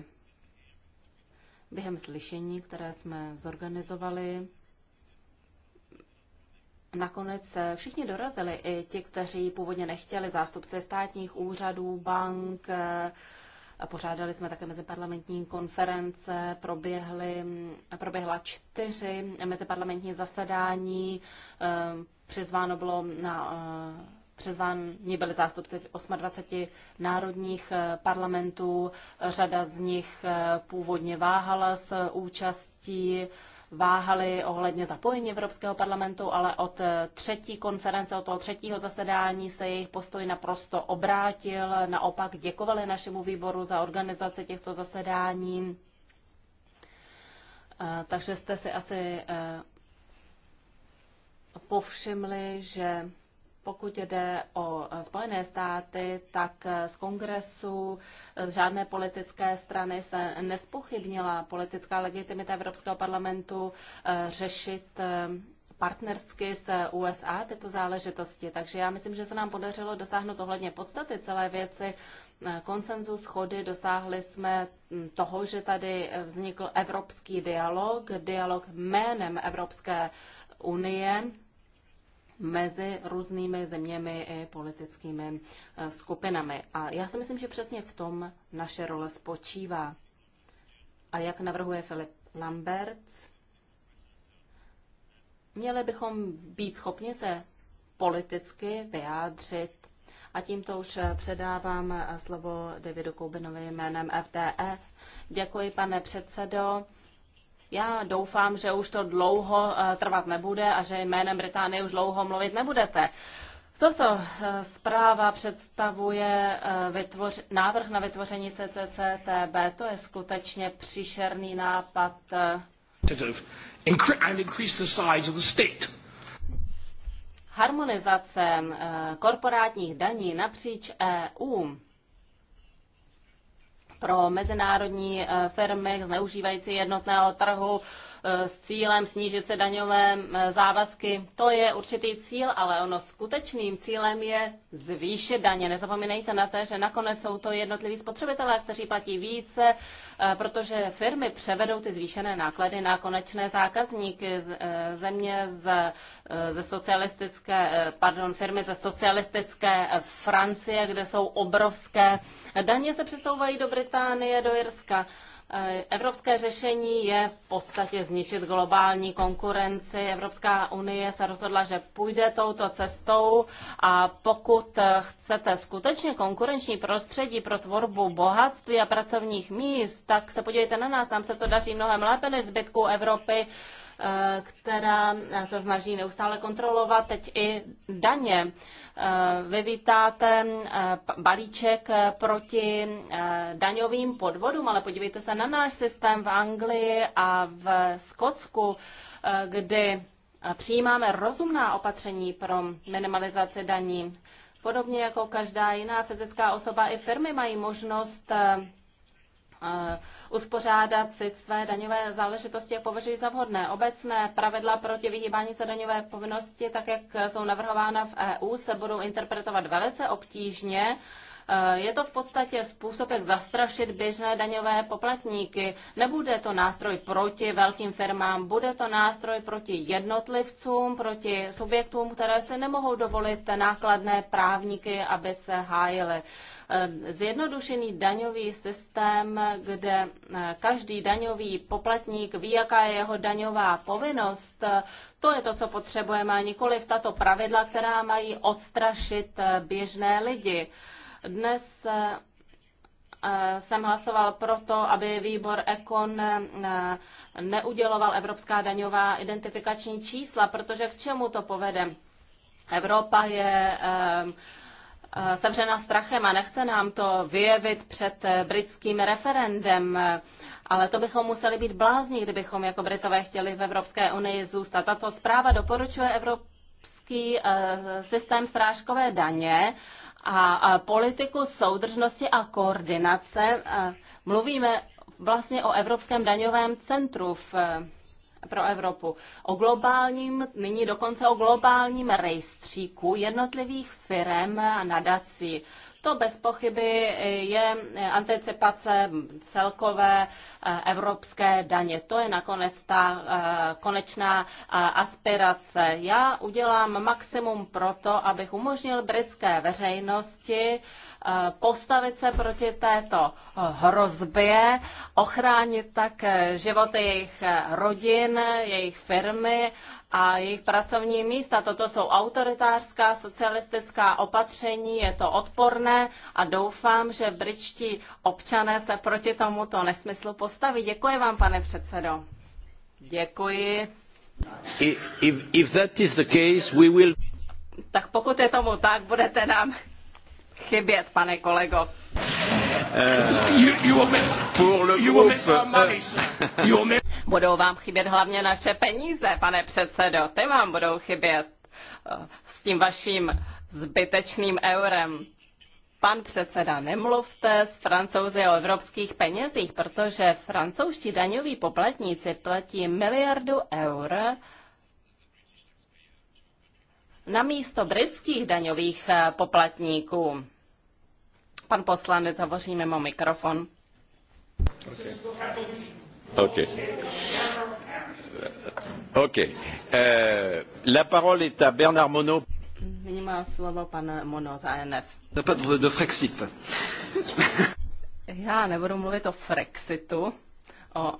Během slyšení, které jsme zorganizovali, Nakonec všichni dorazili, i ti, kteří původně nechtěli, zástupce státních úřadů, bank, eh, Pořádali jsme také meziparlamentní konference, proběhly, proběhla čtyři meziparlamentní zasedání, eh, přizváno bylo na eh, Přizváni byly zástupci 28 národních eh, parlamentů, řada z nich původně váhala s účastí váhali ohledně zapojení Evropského parlamentu, ale od eh, třetí konference, od toho třetího zasedání se jejich postoj naprosto obrátil. Naopak děkovali našemu výboru za organizaci těchto zasedání. Eh, takže jste si asi eh, povšimli, že pokud jde o eh, Spojené státy, tak eh, z kongresu eh, žádné politické strany se nespochybnila politická legitimita Evropského parlamentu řešit partnersky s USA tyto záležitosti. Takže já myslím, že se nám podařilo dosáhnout ohledně podstaty celé věci konsenzu schody dosáhli jsme hm, toho, že tady vznikl evropský dialog, dialog jménem Evropské unie mezi různými zeměmi i politickými eh, skupinami. A já si myslím, že přesně v tom naše role spočívá. A jak navrhuje Filip Lambert, měli bychom být schopni se politicky vyjádřit. A tímto už eh, předávám eh, slovo Davidu Koubinovi jménem FDE. Děkuji, pane předsedo. Já doufám, že už to dlouho eh, trvat nebude a že jménem Británie už dlouho mluvit nebudete. Toto eh, zpráva představuje eh, vytvoř, návrh na vytvoření CCCTB. To je skutečně příšerný nápad. Harmonizace korporátních daní napříč EU pro mezinárodní eh, firmy zneužívající jednotného trhu E, s cílem snížit se daňové e, závazky. To je určitý cíl, ale ono skutečným cílem je zvýšit daně. Nezapomínejte na to, že nakonec jsou to jednotliví spotřebitelé, kteří platí více, e, protože firmy převedou ty zvýšené náklady na konečné zákazníky země z, ze socialistické, pardon, firmy ze socialistické Francie, kde jsou obrovské daně se přesouvají do Británie, do Irska. Eh, evropské řešení je v podstatě zničit globální konkurenci. Evropská unie se rozhodla, že půjde touto cestou a pokud eh, chcete skutečně konkurenční prostředí pro tvorbu bohatství a pracovních míst, tak se podívejte na nás, nám se to daří mnohem lépe než zbytku Evropy. Eh, která se snaží neustále kontrolovat teď i daně. Eh, vy vítáte eh, balíček proti daňovým podvodům, ale podívejte se na náš systém v Anglii a v Skotsku, kdy přijímáme rozumná opatření pro minimalizaci daní. Podobně jako každá jiná fyzická osoba, i firmy mají možnost uspořádat si své daňové záležitosti, a považují za vhodné. Obecné pravidla proti vyhýbání se daňové povinnosti, tak jak jsou navrhována v EU, se budou interpretovat velice obtížně Eh, je to v podstatě způsob, jak zastrašit běžné daňové poplatníky. Nebude to nástroj proti velkým firmám, bude to nástroj proti jednotlivcům, proti subjektům, které se nemohou dovolit nákladné právníky, aby se hájily. Eh, zjednodušený daňový systém, kde eh, každý daňový poplatník ví, jaká je jeho daňová povinnost, to je to, co potřebujeme, a v tato pravidla, která mají odstrašit běžné lidi. Dnes eh, eh, jsem hlasoval proto, aby výbor Ekon eh, neuděloval evropská daňová identifikační čísla, protože k čemu to povede? Evropa je sevřena strachem a nechce nám to vyjevit před britským referendem. Ale to bychom museli být blázni, kdybychom jako Britové chtěli v Evropské unii zůstat. Tato zpráva doporučuje evropský systém strážkové daně a politiku soudržnosti a koordinace. Mluvíme vlastně o Evropském daňovém centru v, pro Evropu, o globálním, nyní dokonce o globálním rejstříku jednotlivých firm a nadací. To bez pochyby je anticipace celkové eh, evropské daně. To je nakonec ta eh, konečná eh, aspirace. Já udělám maximum pro to, abych umožnil britské veřejnosti postavit se proti této hrozbě, ochránit tak životy jejich rodin, jejich firmy a jejich pracovní místa. Toto jsou autoritářská socialistická opatření, je to odporné a doufám, že britští občané se proti tomuto nesmyslu postaví. Děkuji vám, pane předsedo. Děkuji. If, if that is the case, we will... Tak pokud je tomu tak, budete nám chybět, pane kolego. Uh, you, you will miss, pour you will miss our money, uh, you will miss... Budou vám chybět hlavně naše peníze, pane předsedo, ty vám budou chybět eh, s tím vaším zbytečným eurem. Pan předseda, nemluvte s francouzi o evropských penězích, protože francouzští daňoví poplatníci platí miliardu eur na místo britských daňových eh, poplatníků. Pan poslanec hovoří mimo mikrofon. Prosím. Okay. Okay. Euh, la parole est à Bernard Nyní má slovo pan Mono za Já nebudu mluvit o Frexitu, o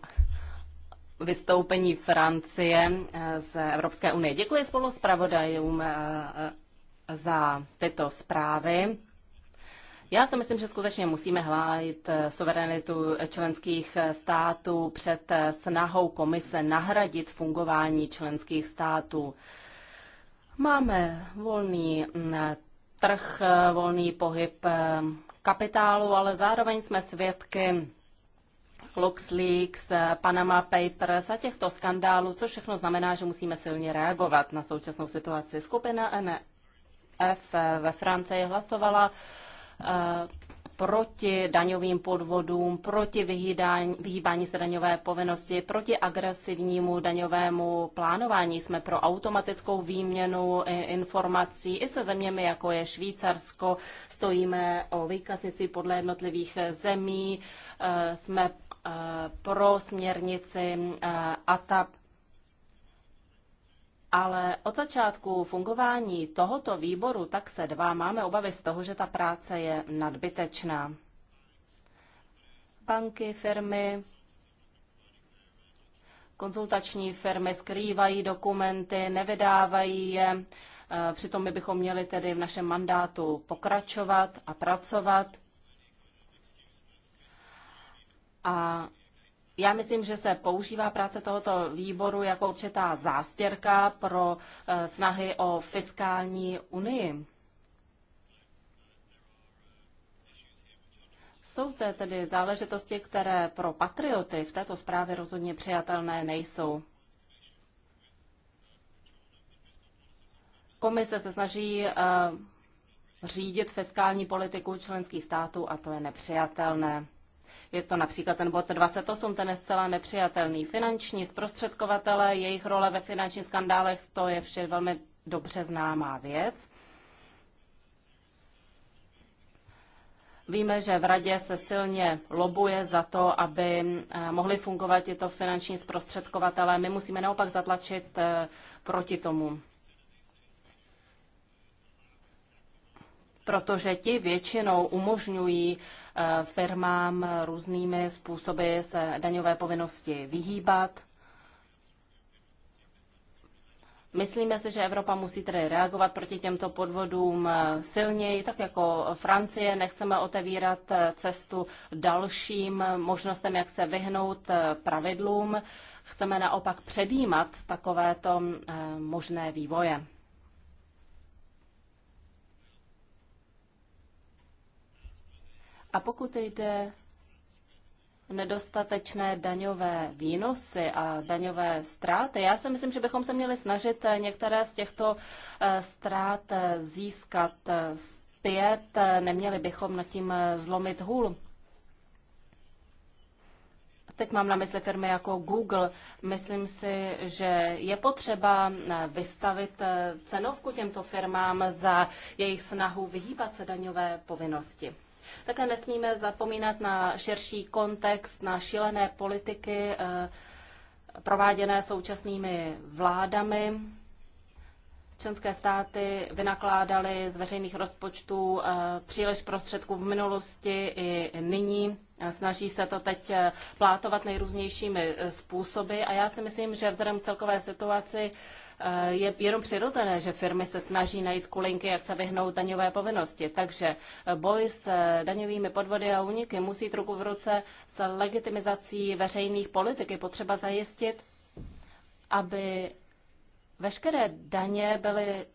vystoupení Francie eh, z Evropské unie. Děkuji spolu s pravodajům eh, eh, za tyto zprávy. Já si myslím, že skutečně musíme hlájit eh, suverenitu eh, členských eh, států před snahou komise nahradit fungování členských států. Máme volný mm, trh, volný pohyb kapitálu, ale zároveň jsme svědky LuxLeaks, Panama Papers a těchto skandálů, což všechno znamená, že musíme silně reagovat na současnou situaci. Skupina NF ve Francii hlasovala Eh, proti daňovým podvodům, proti vyhýbání se daňové povinnosti, proti agresivnímu daňovému plánování. Jsme pro automatickou výměnu informací i se zeměmi, jako je Švýcarsko. Stojíme o výkaznici podle jednotlivých zemí. Eh, jsme eh, pro směrnici ATAP ale od začátku fungování tohoto výboru tak se dva máme obavy z toho, že ta práce je nadbytečná. Banky, firmy, konzultační firmy skrývají dokumenty, nevydávají je. E, přitom my bychom měli tedy v našem mandátu pokračovat a pracovat. A já myslím, že se používá práce tohoto výboru jako určitá zástěrka pro eh, snahy o fiskální unii. Jsou zde tedy záležitosti, které pro patrioty v této zprávě rozhodně přijatelné nejsou. Komise se snaží eh, řídit fiskální politiku členských států a to je nepřijatelné. Je to například ten bod 28, ten je zcela nepřijatelný. Finanční zprostředkovatele, jejich role ve finančních skandálech, to je vše velmi dobře známá věc. Víme, že v radě se silně lobuje za to, aby eh, mohli fungovat tyto finanční zprostředkovatele. My musíme naopak zatlačit eh, proti tomu. Protože ti většinou umožňují Eh, firmám různými způsoby se daňové povinnosti vyhýbat. Myslíme si, že Evropa musí tedy reagovat proti těmto podvodům eh, silněji, tak jako Francie. Nechceme otevírat eh, cestu dalším možnostem, jak se vyhnout pravidlům. Chceme naopak předjímat takovéto možné vývoje. A pokud jde nedostatečné daňové výnosy a daňové ztráty. Já si myslím, že bychom se měli snažit některé z těchto eh, ztrát eh, získat eh, zpět. Neměli bychom nad tím zlomit hůl. Teď mám na mysli firmy jako Google. Myslím si, že je potřeba vystavit cenovku těmto firmám za jejich snahu vyhýbat se daňové povinnosti. Také nesmíme zapomínat na širší kontext, na šílené politiky eh, prováděné současnými vládami členské státy vynakládaly z veřejných rozpočtů eh, příliš prostředků v minulosti i nyní. Snaží se to teď eh, plátovat nejrůznějšími eh, způsoby a já si myslím, že vzhledem k celkové situaci je jenom přirozené, že firmy se snaží najít skulinky, jak se vyhnout daňové povinnosti. Takže boj s daňovými podvody a úniky musí ruku v ruce s legitimizací veřejných politik. Je potřeba zajistit, aby Veškeré daně byly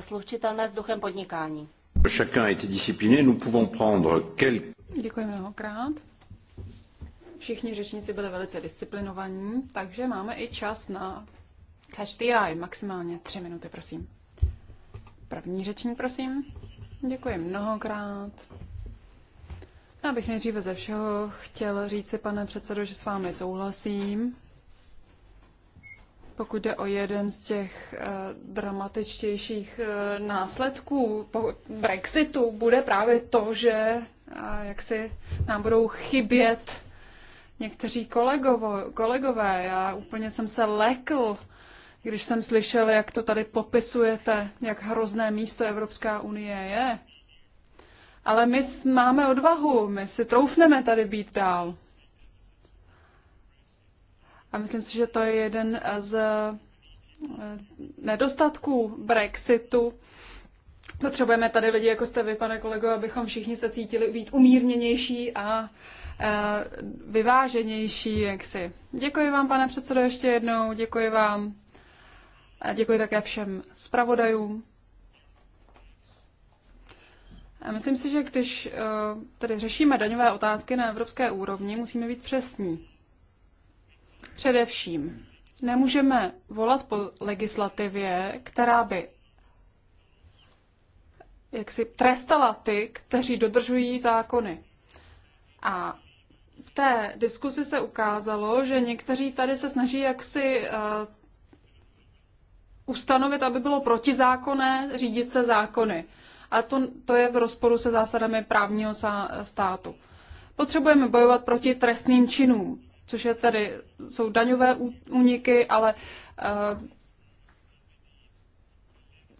slučitelné s duchem podnikání. Chacun était discipliné, nous pouvons prendre quelques... Děkuji mnohokrát. Všichni řečníci byli velice disciplinovaní, takže máme i čas na catch the eye, maximálně tři minuty, prosím. První řečník, prosím. Děkuji mnohokrát. Já bych nejdříve ze všeho chtěl si, pane předsedo, že s vámi souhlasím pokud jde o jeden z těch eh, dramatičtějších eh, následků po Brexitu, bude právě to, že eh, jak si nám budou chybět někteří kolegovo, kolegové. Já úplně jsem se lekl, když jsem slyšel, jak to tady popisujete, jak hrozné místo Evropská unie je. Ale my máme odvahu, my si troufneme tady být dál. A myslím si, že to je jeden z eh, nedostatků Brexitu. Potřebujeme tady lidi, jako jste vy, pane kolego, abychom všichni se cítili být umírněnější a eh, vyváženější, jak si. Děkuji vám, pane předsedo, ještě jednou. Děkuji vám. A děkuji také všem zpravodajům. A myslím si, že když eh, tady řešíme daňové otázky na evropské úrovni, musíme být přesní. Především nemůžeme volat po legislativě, která by jak si trestala ty, kteří dodržují zákony. A v té diskusi se ukázalo, že někteří tady se snaží jaksi uh, ustanovit, aby bylo protizákonné řídit se zákony. A to, to je v rozporu se zásadami právního státu. Potřebujeme bojovat proti trestným činům což je tedy, jsou daňové úniky, ale eh,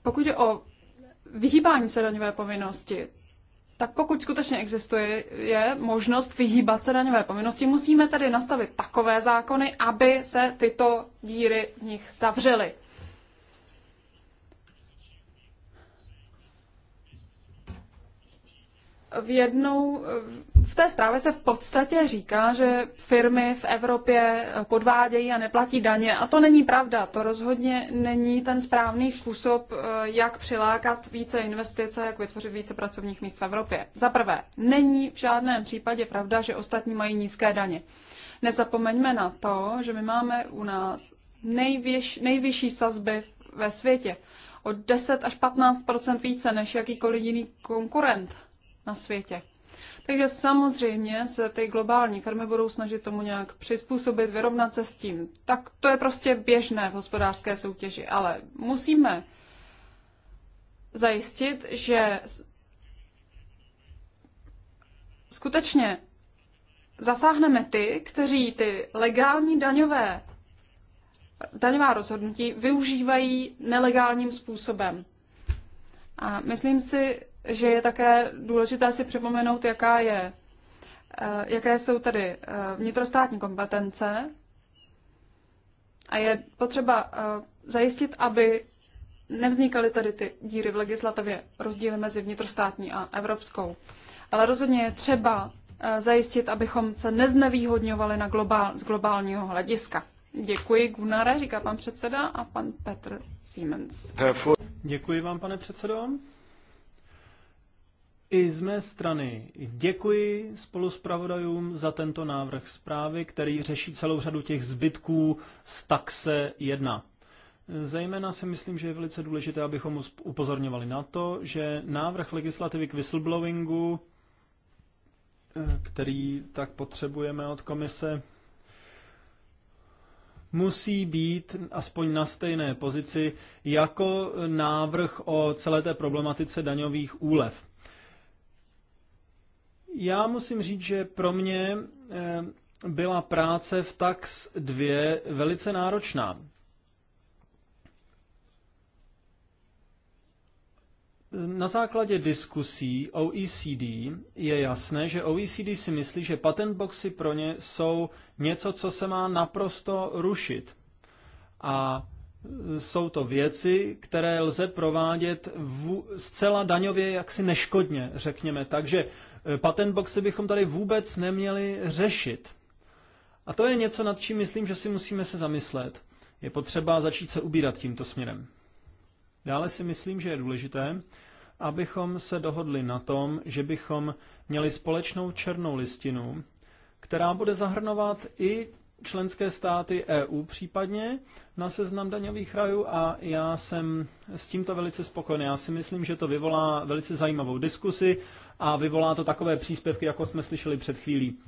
pokud je o vyhýbání se daňové povinnosti, tak pokud skutečně existuje je možnost vyhýbat se daňové povinnosti, musíme tedy nastavit takové zákony, aby se tyto díry v nich zavřely. V jednou, v té zprávě se v podstatě říká, že firmy v Evropě podvádějí a neplatí daně a to není pravda. To rozhodně není ten správný způsob, eh, jak přilákat více investice, jak vytvořit více pracovních míst v Evropě. Za prvé, není v žádném případě pravda, že ostatní mají nízké daně. Nezapomeňme na to, že my máme u nás nejvěž, nejvyšší sazby ve světě. O 10 až 15 více než jakýkoliv jiný konkurent na světě. Takže samozřejmě se ty globální firmy budou snažit tomu nějak přizpůsobit, vyrovnat se s tím. Tak to je prostě běžné v hospodářské soutěži, ale musíme zajistit, že skutečně zasáhneme ty, kteří ty legální daňové daňová rozhodnutí využívají nelegálním způsobem. A myslím si, že je také důležité si připomenout, jaká je, eh, jaké jsou tady eh, vnitrostátní kompetence a je potřeba eh, zajistit, aby nevznikaly tady ty díry v legislativě, rozdíly mezi vnitrostátní a evropskou. Ale rozhodně je třeba zajistit, abychom se neznevýhodňovali na globál, z globálního hlediska. Děkuji, Gunare, říká pan předseda a pan Petr Siemens. Děkuji vám, pane předsedo. I z mé strany děkuji spoluspravodajům za tento návrh zprávy, který řeší celou řadu těch zbytků z taxe 1. Zejména si myslím, že je velice důležité, abychom upozorňovali na to, že návrh legislativy k whistleblowingu, eh, který tak potřebujeme od komise, musí být aspoň na stejné pozici jako návrh o celé té problematice daňových úlev. Já musím říct, že pro mě eh, byla práce v TAX 2 velice náročná. Na základě diskusí OECD je jasné, že OECD si myslí, že patentboxy pro ně jsou něco, co se má naprosto rušit. A jsou to věci, které lze provádět v, zcela daňově jaksi neškodně, řekněme. Takže eh, patentboxy bychom tady vůbec neměli řešit. A to je něco, nad čím myslím, že si musíme se zamyslet. Je potřeba začít se ubírat tímto směrem. Dále si myslím, že je důležité, abychom se dohodli na tom, že bychom měli společnou černou listinu, která bude zahrnovat i členské státy EU případně na seznam daňových rajů a já jsem s tímto velice spokojený. Já si myslím, že to vyvolá velice zajímavou diskusi a vyvolá to takové příspěvky, jako jsme slyšeli před chvílí.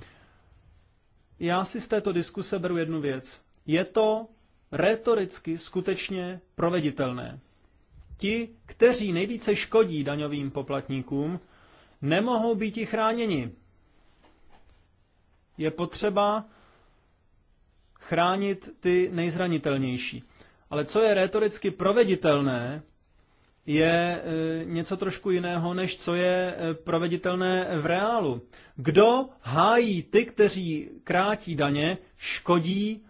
Já si z této diskuse beru jednu věc. Je to retoricky skutečně proveditelné. Ti, kteří nejvíce škodí daňovým poplatníkům, nemohou být i chráněni. Je potřeba chránit ty nejzranitelnější. Ale co je retoricky proveditelné, je e, něco trošku jiného, než co je e, proveditelné v reálu. Kdo hájí ty, kteří krátí daně, škodí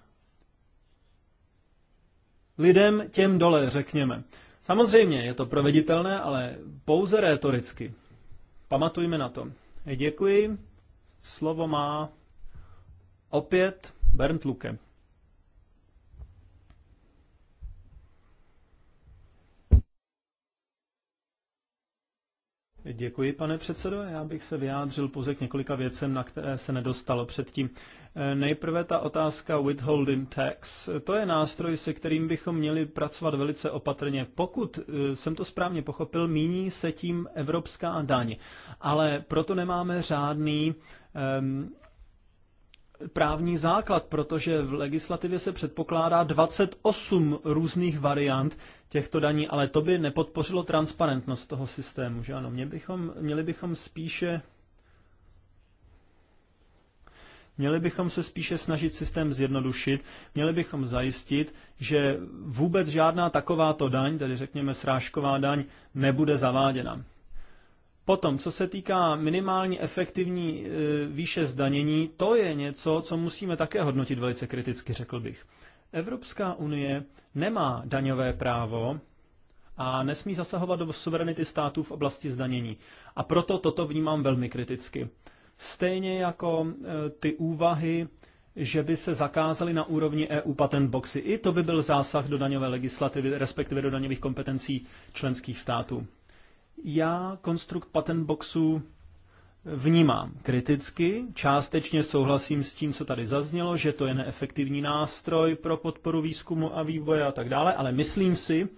lidem těm dole, řekněme. Samozřejmě je to proveditelné, ale pouze rétoricky. Pamatujme na to. Děkuji. Slovo má opět Bernd Luke. Děkuji, pane předsedo. Já bych se vyjádřil pouze k několika věcem, na které se nedostalo předtím. Eh, nejprve ta otázka withholding tax. To je nástroj, se kterým bychom měli pracovat velice opatrně. Pokud eh, jsem to správně pochopil, míní se tím evropská daň. Ale proto nemáme žádný ehm, právní základ, protože v legislativě se předpokládá 28 různých variant těchto daní, ale to by nepodpořilo transparentnost toho systému, že ano? Mě bychom, měli bychom spíše Měli bychom se spíše snažit systém zjednodušit, měli bychom zajistit, že vůbec žádná takováto daň, tedy řekněme srážková daň, nebude zaváděna. Potom, co se týká minimálně efektivní e, výše zdanění, to je něco, co musíme také hodnotit velice kriticky, řekl bych. Evropská unie nemá daňové právo a nesmí zasahovat do suverenity států v oblasti zdanění. A proto toto vnímám velmi kriticky. Stejně jako e, ty úvahy, že by se zakázaly na úrovni EU patent boxy. I to by byl zásah do daňové legislativy, respektive do daňových kompetencí členských států. Já konstrukt patent boxu vnímám kriticky, částečně souhlasím s tím, co tady zaznělo, že to je neefektivní nástroj pro podporu výzkumu a vývoje a tak dále, ale myslím si,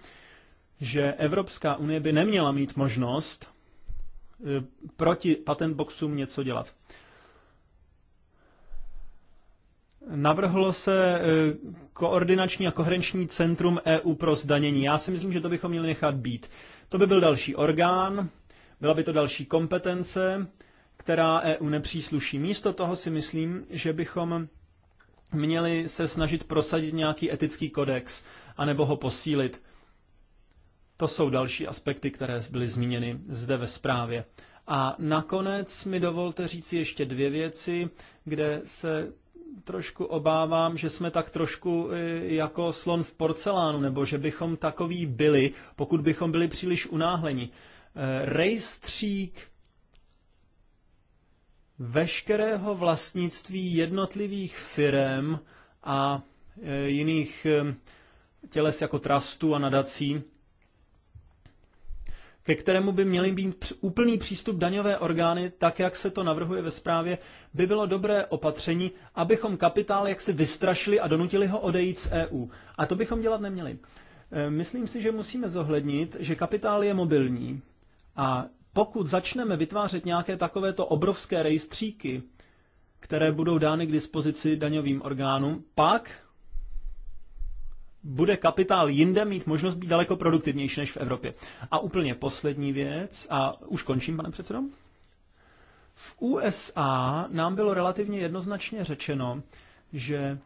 že Evropská unie by neměla mít možnost eh, proti boxům něco dělat. Navrhlo se eh, koordinační a koherenční centrum EU pro zdanění. Já si myslím, že to bychom měli nechat být. To by byl další orgán, byla by to další kompetence, která EU nepřísluší. Místo toho si myslím, že bychom měli se snažit prosadit nějaký etický kodex, anebo ho posílit. To jsou další aspekty, které byly zmíněny zde ve zprávě. A nakonec mi dovolte říci ještě dvě věci, kde se trošku obávám, že jsme tak trošku e, jako slon v porcelánu, nebo že bychom takový byli, pokud bychom byli příliš unáhleni. E, rejstřík veškerého vlastnictví jednotlivých firm a e, jiných těles jako trustů a nadací ke kterému by měly být úplný přístup daňové orgány, tak jak se to navrhuje ve zprávě, by bylo dobré opatření, abychom kapitál jaksi vystrašili a donutili ho odejít z EU. A to bychom dělat neměli. E, myslím si, že musíme zohlednit, že kapitál je mobilní. A pokud začneme vytvářet nějaké takovéto obrovské rejstříky, které budou dány k dispozici daňovým orgánům, pak bude kapitál jinde mít možnost být daleko produktivnější než v Evropě. A úplně poslední věc, a už končím, pane předsedo. V USA nám bylo relativně jednoznačně řečeno, že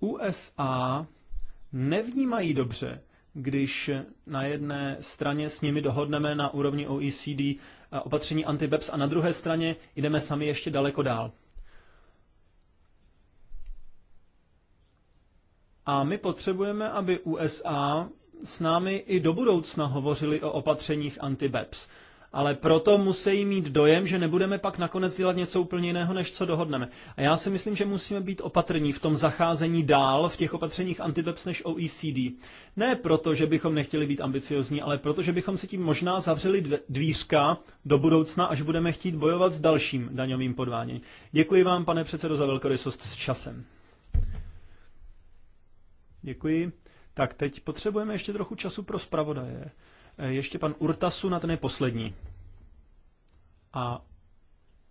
USA nevnímají dobře, když na jedné straně s nimi dohodneme na úrovni OECD opatření anti beps a na druhé straně jdeme sami ještě daleko dál. A my potřebujeme, aby USA s námi i do budoucna hovořili o opatřeních anti-BEPS. Ale proto musí mít dojem, že nebudeme pak nakonec dělat něco úplně jiného, než co dohodneme. A já si myslím, že musíme být opatrní v tom zacházení dál v těch opatřeních antibeps než OECD. Ne proto, že bychom nechtěli být ambiciozní, ale proto, že bychom si tím možná zavřeli dvířka do budoucna, až budeme chtít bojovat s dalším daňovým podváděním. Děkuji vám, pane předsedo, za velkorysost s časem. Děkuji. Tak teď potřebujeme ještě trochu času pro zpravodaje. Eh, ještě pan Urtasu na ten je poslední. A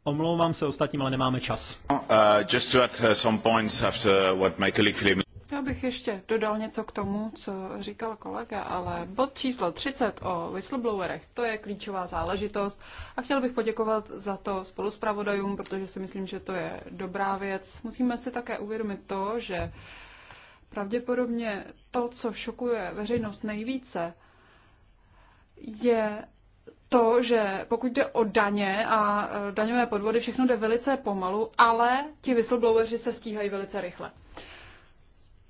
omlouvám se ostatním, ale nemáme čas. Já bych ještě dodal něco k tomu, co říkal kolega, ale bod číslo 30 o whistleblowerech, to je klíčová záležitost a chtěl bych poděkovat za to spoluspravodajům, protože si myslím, že to je dobrá věc. Musíme si také uvědomit to, že uh, Pravděpodobně to, co šokuje veřejnost nejvíce, je to, že pokud jde o daně a e, daňové podvody, všechno jde velice pomalu, ale ti whistlebloweri se stíhají velice rychle.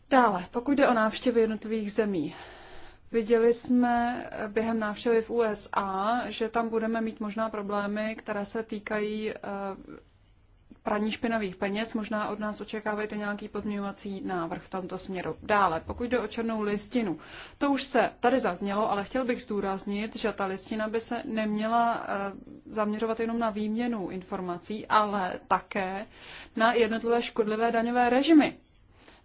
Dále, pokud jde o návštěvy jednotlivých zemí. Viděli jsme e, během návštěvy v USA, že tam budeme mít možná problémy, které se týkají e, praní špinavých peněz. Možná od nás očekávejte nějaký pozměňovací návrh v tomto směru. Dále, pokud jde o černou listinu, to už se tady zaznělo, ale chtěl bych zdůraznit, že ta listina by se neměla eh, zaměřovat jenom na výměnu informací, ale také na jednotlivé škodlivé daňové režimy.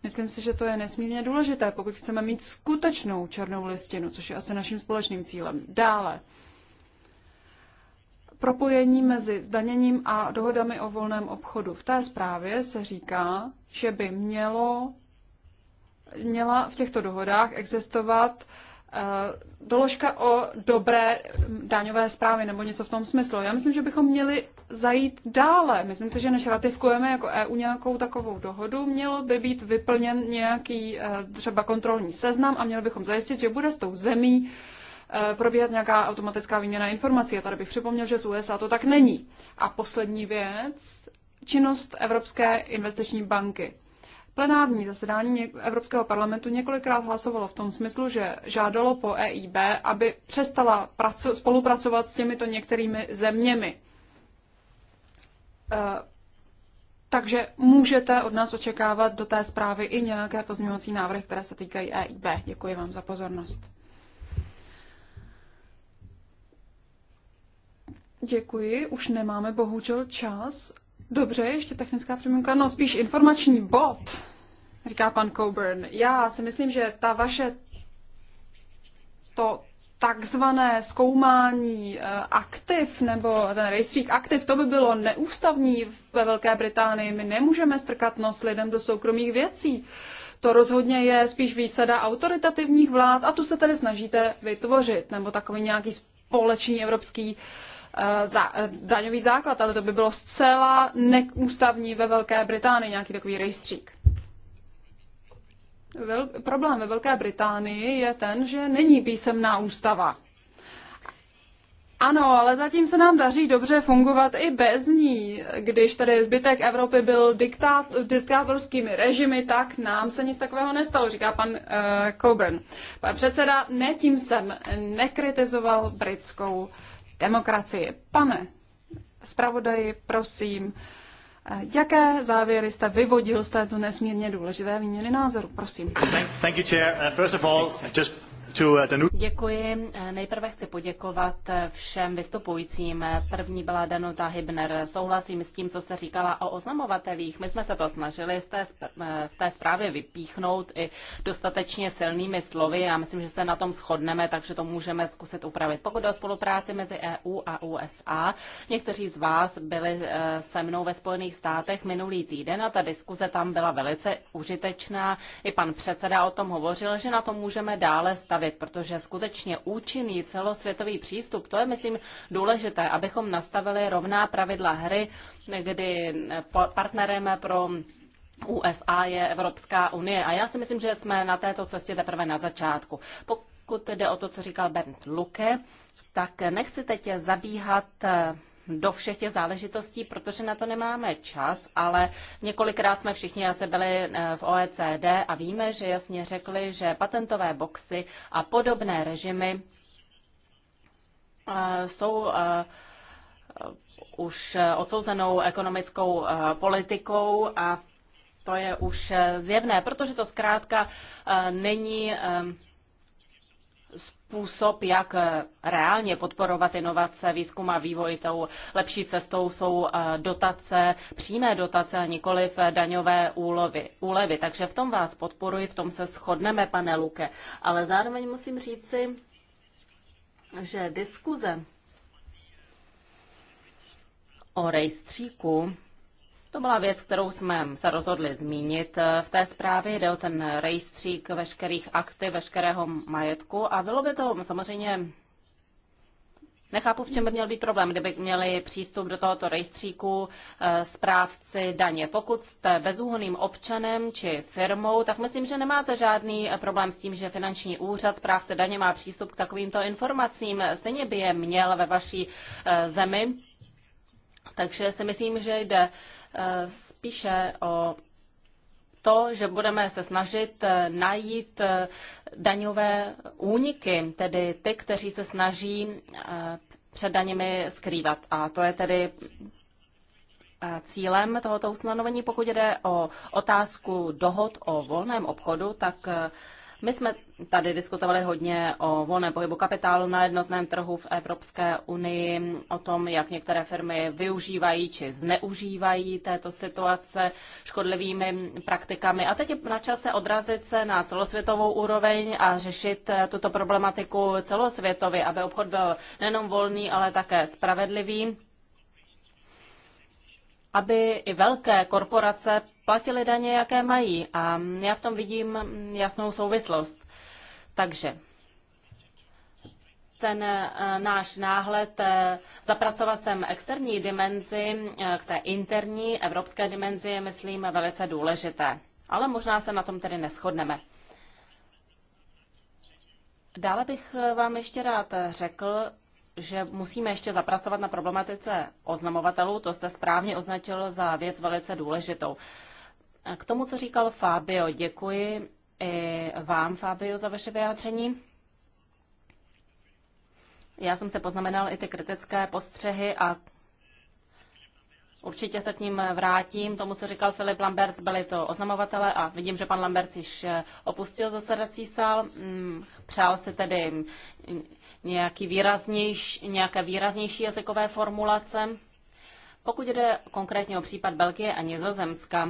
Myslím si, že to je nesmírně důležité, pokud chceme mít skutečnou černou listinu, což je asi naším společným cílem. Dále, propojení mezi zdaněním a dohodami o volném obchodu. V té zprávě se říká, že by mělo, měla v těchto dohodách existovat eh, doložka o dobré daňové zprávy nebo něco v tom smyslu. Já myslím, že bychom měli zajít dále. Myslím si, že než ratifikujeme jako EU nějakou takovou dohodu, mělo by být vyplněn nějaký eh, třeba kontrolní seznam a měli bychom zajistit, že bude s tou zemí Eh, probíhat nějaká automatická výměna informací. A tady bych připomněl, že z USA to tak není. A poslední věc, činnost Evropské investiční banky. Plenární zasedání Evropského parlamentu několikrát hlasovalo v tom smyslu, že žádalo po EIB, aby přestala spolupracovat s těmito některými zeměmi. Eh, takže můžete od nás očekávat do té zprávy i nějaké pozměňovací návrhy, které se týkají EIB. Děkuji vám za pozornost. Děkuji, už nemáme bohužel čas. Dobře, ještě technická připomínka, no spíš informační bod, říká pan Coburn. Já si myslím, že ta vaše to takzvané zkoumání eh, aktiv nebo ten rejstřík aktiv, to by bylo neústavní ve Velké Británii. My nemůžeme strkat nos lidem do soukromých věcí. To rozhodně je spíš výsada autoritativních vlád a tu se tedy snažíte vytvořit, nebo takový nějaký společný evropský uh, Eh, za, eh, daňový základ, ale to by bylo zcela neústavní ve Velké Británii, nějaký takový rejstřík. Vel, problém ve Velké Británii je ten, že není písemná ústava. Ano, ale zatím se nám daří dobře fungovat i bez ní. Když tady zbytek Evropy byl diktát, diktátorskými režimy, tak nám se nic takového nestalo, říká pan uh, Coburn. Pan předseda, ne tím jsem nekritizoval britskou demokracii. Pane zpravodaji, prosím, jaké závěry jste vyvodil z této nesmírně důležité výměny názoru? Prosím. Thank you, chair. Uh, first of all, just Uh, Děkuji. Nejprve chci poděkovat eh, všem vystupujícím. První byla Danuta Hybner. Souhlasím s tím, co jste říkala o oznamovatelích. My jsme se to snažili z té, v eh, té zprávě vypíchnout i dostatečně silnými slovy. Já myslím, že se na tom shodneme, takže to můžeme zkusit upravit. Pokud o spolupráci mezi EU a USA, někteří z vás byli eh, se mnou ve Spojených státech minulý týden a ta diskuze tam byla velice užitečná. I pan předseda o tom hovořil, že na to můžeme dále stavět nastavit, protože skutečně účinný celosvětový přístup, to je, myslím, důležité, abychom nastavili rovná pravidla hry, kdy partnerem pro USA je Evropská unie. A já si myslím, že jsme na této cestě teprve na začátku. Pokud jde o to, co říkal Bernd Luke, tak nechci teď zabíhat eh, do všech těch záležitostí, protože na to nemáme čas, ale několikrát jsme všichni asi byli eh, v OECD a víme, že jasně řekli, že patentové boxy a podobné režimy eh, jsou eh, už odsouzenou ekonomickou politikou a to je už zjevné, protože to zkrátka není způsob, jak eh, reálně podporovat inovace, výzkum a vývoj. Tou lepší cestou jsou eh, dotace, přímé dotace a nikoliv eh, daňové úlovy, úlevy. Takže v tom vás podporuji, v tom se shodneme, pane Luke. Ale zároveň musím říci, že diskuze o rejstříku to byla věc, kterou jsme se rozhodli zmínit eh, v té zprávě. Jde o ten rejstřík veškerých aktiv, veškerého majetku a bylo by to samozřejmě Nechápu, v čem by měl být problém, kdyby měli přístup do tohoto rejstříku eh, správci daně. Pokud jste bezúhonným občanem či firmou, tak myslím, že nemáte žádný eh, problém s tím, že finanční úřad správce daně má přístup k takovýmto informacím. Stejně by je měl ve vaší zemi. Takže si myslím, že jde Eh, spíše o to, že budeme se snažit eh, najít eh, daňové úniky, tedy ty, kteří se snaží před daněmi skrývat. A to je tedy Cílem tohoto ustanovení, pokud jde o otázku dohod o volném obchodu, tak my jsme tady diskutovali hodně o volném pohybu kapitálu na jednotném trhu v Evropské unii, o tom, jak některé firmy využívají či zneužívají této situace škodlivými praktikami. A teď je na čase odrazit se na celosvětovou úroveň a řešit eh, tuto problematiku celosvětově, aby obchod byl nejenom volný, ale také spravedlivý aby i velké korporace platily daně, jaké mají. A já v tom vidím jasnou souvislost. Takže ten eh, náš náhled eh, zapracovat sem externí dimenzi eh, k té interní evropské dimenzi je, myslím, velice důležité. Ale možná se na tom tedy neschodneme. Dále bych vám ještě rád řekl, že musíme ještě zapracovat na problematice oznamovatelů, to jste správně označil za věc velice důležitou. K tomu, co říkal Fabio, děkuji i vám, Fabio, za vaše vyjádření. Já jsem se poznamenal i ty kritické postřehy a určitě se k ním vrátím. Tomu, co říkal Filip Lamberts, byli to oznamovatele a vidím, že pan Lamberts již opustil zasedací sál. Mm, přál si tedy nějaký výraznější, nějaké výraznější jazykové formulace. Pokud jde konkrétně o případ Belgie a Nizozemska,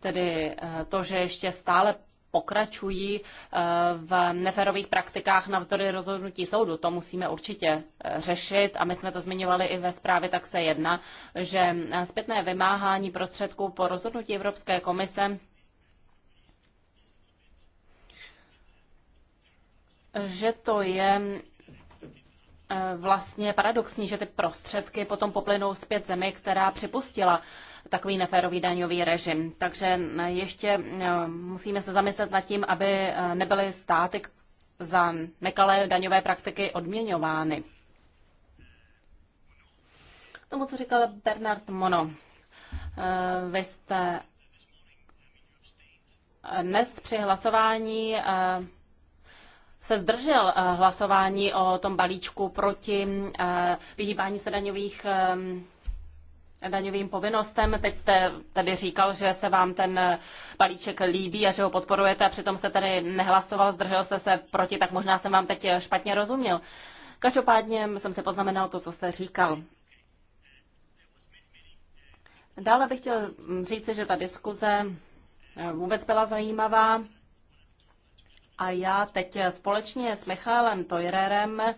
tedy eh, to, že ještě stále pokračují eh, v neferových praktikách navzdory rozhodnutí soudu. To musíme určitě eh, řešit a my jsme to zmiňovali i ve zprávě tak se jedna, že zpětné vymáhání prostředků po rozhodnutí Evropské komise že to je eh, vlastně paradoxní, že ty prostředky potom poplynou zpět zemi, která připustila takový neférový daňový režim. Takže eh, ještě eh, musíme se zamyslet nad tím, aby nebyly státy za nekalé daňové praktiky odměňovány. Tomu, co říkal Bernard Mono. Vy jste dnes při hlasování se zdržel eh, hlasování o tom balíčku proti eh, vyhýbání se daňových eh, daňovým povinnostem. Teď jste tady říkal, že se vám ten balíček líbí a že ho podporujete a přitom jste tady nehlasoval, zdržel jste se proti, tak možná jsem vám teď špatně rozuměl. Každopádně jsem si poznamenal to, co jste říkal. Dále bych chtěl hm, říci, že ta diskuze vůbec byla zajímavá a já teď společně s Michálem Tojrerem eh,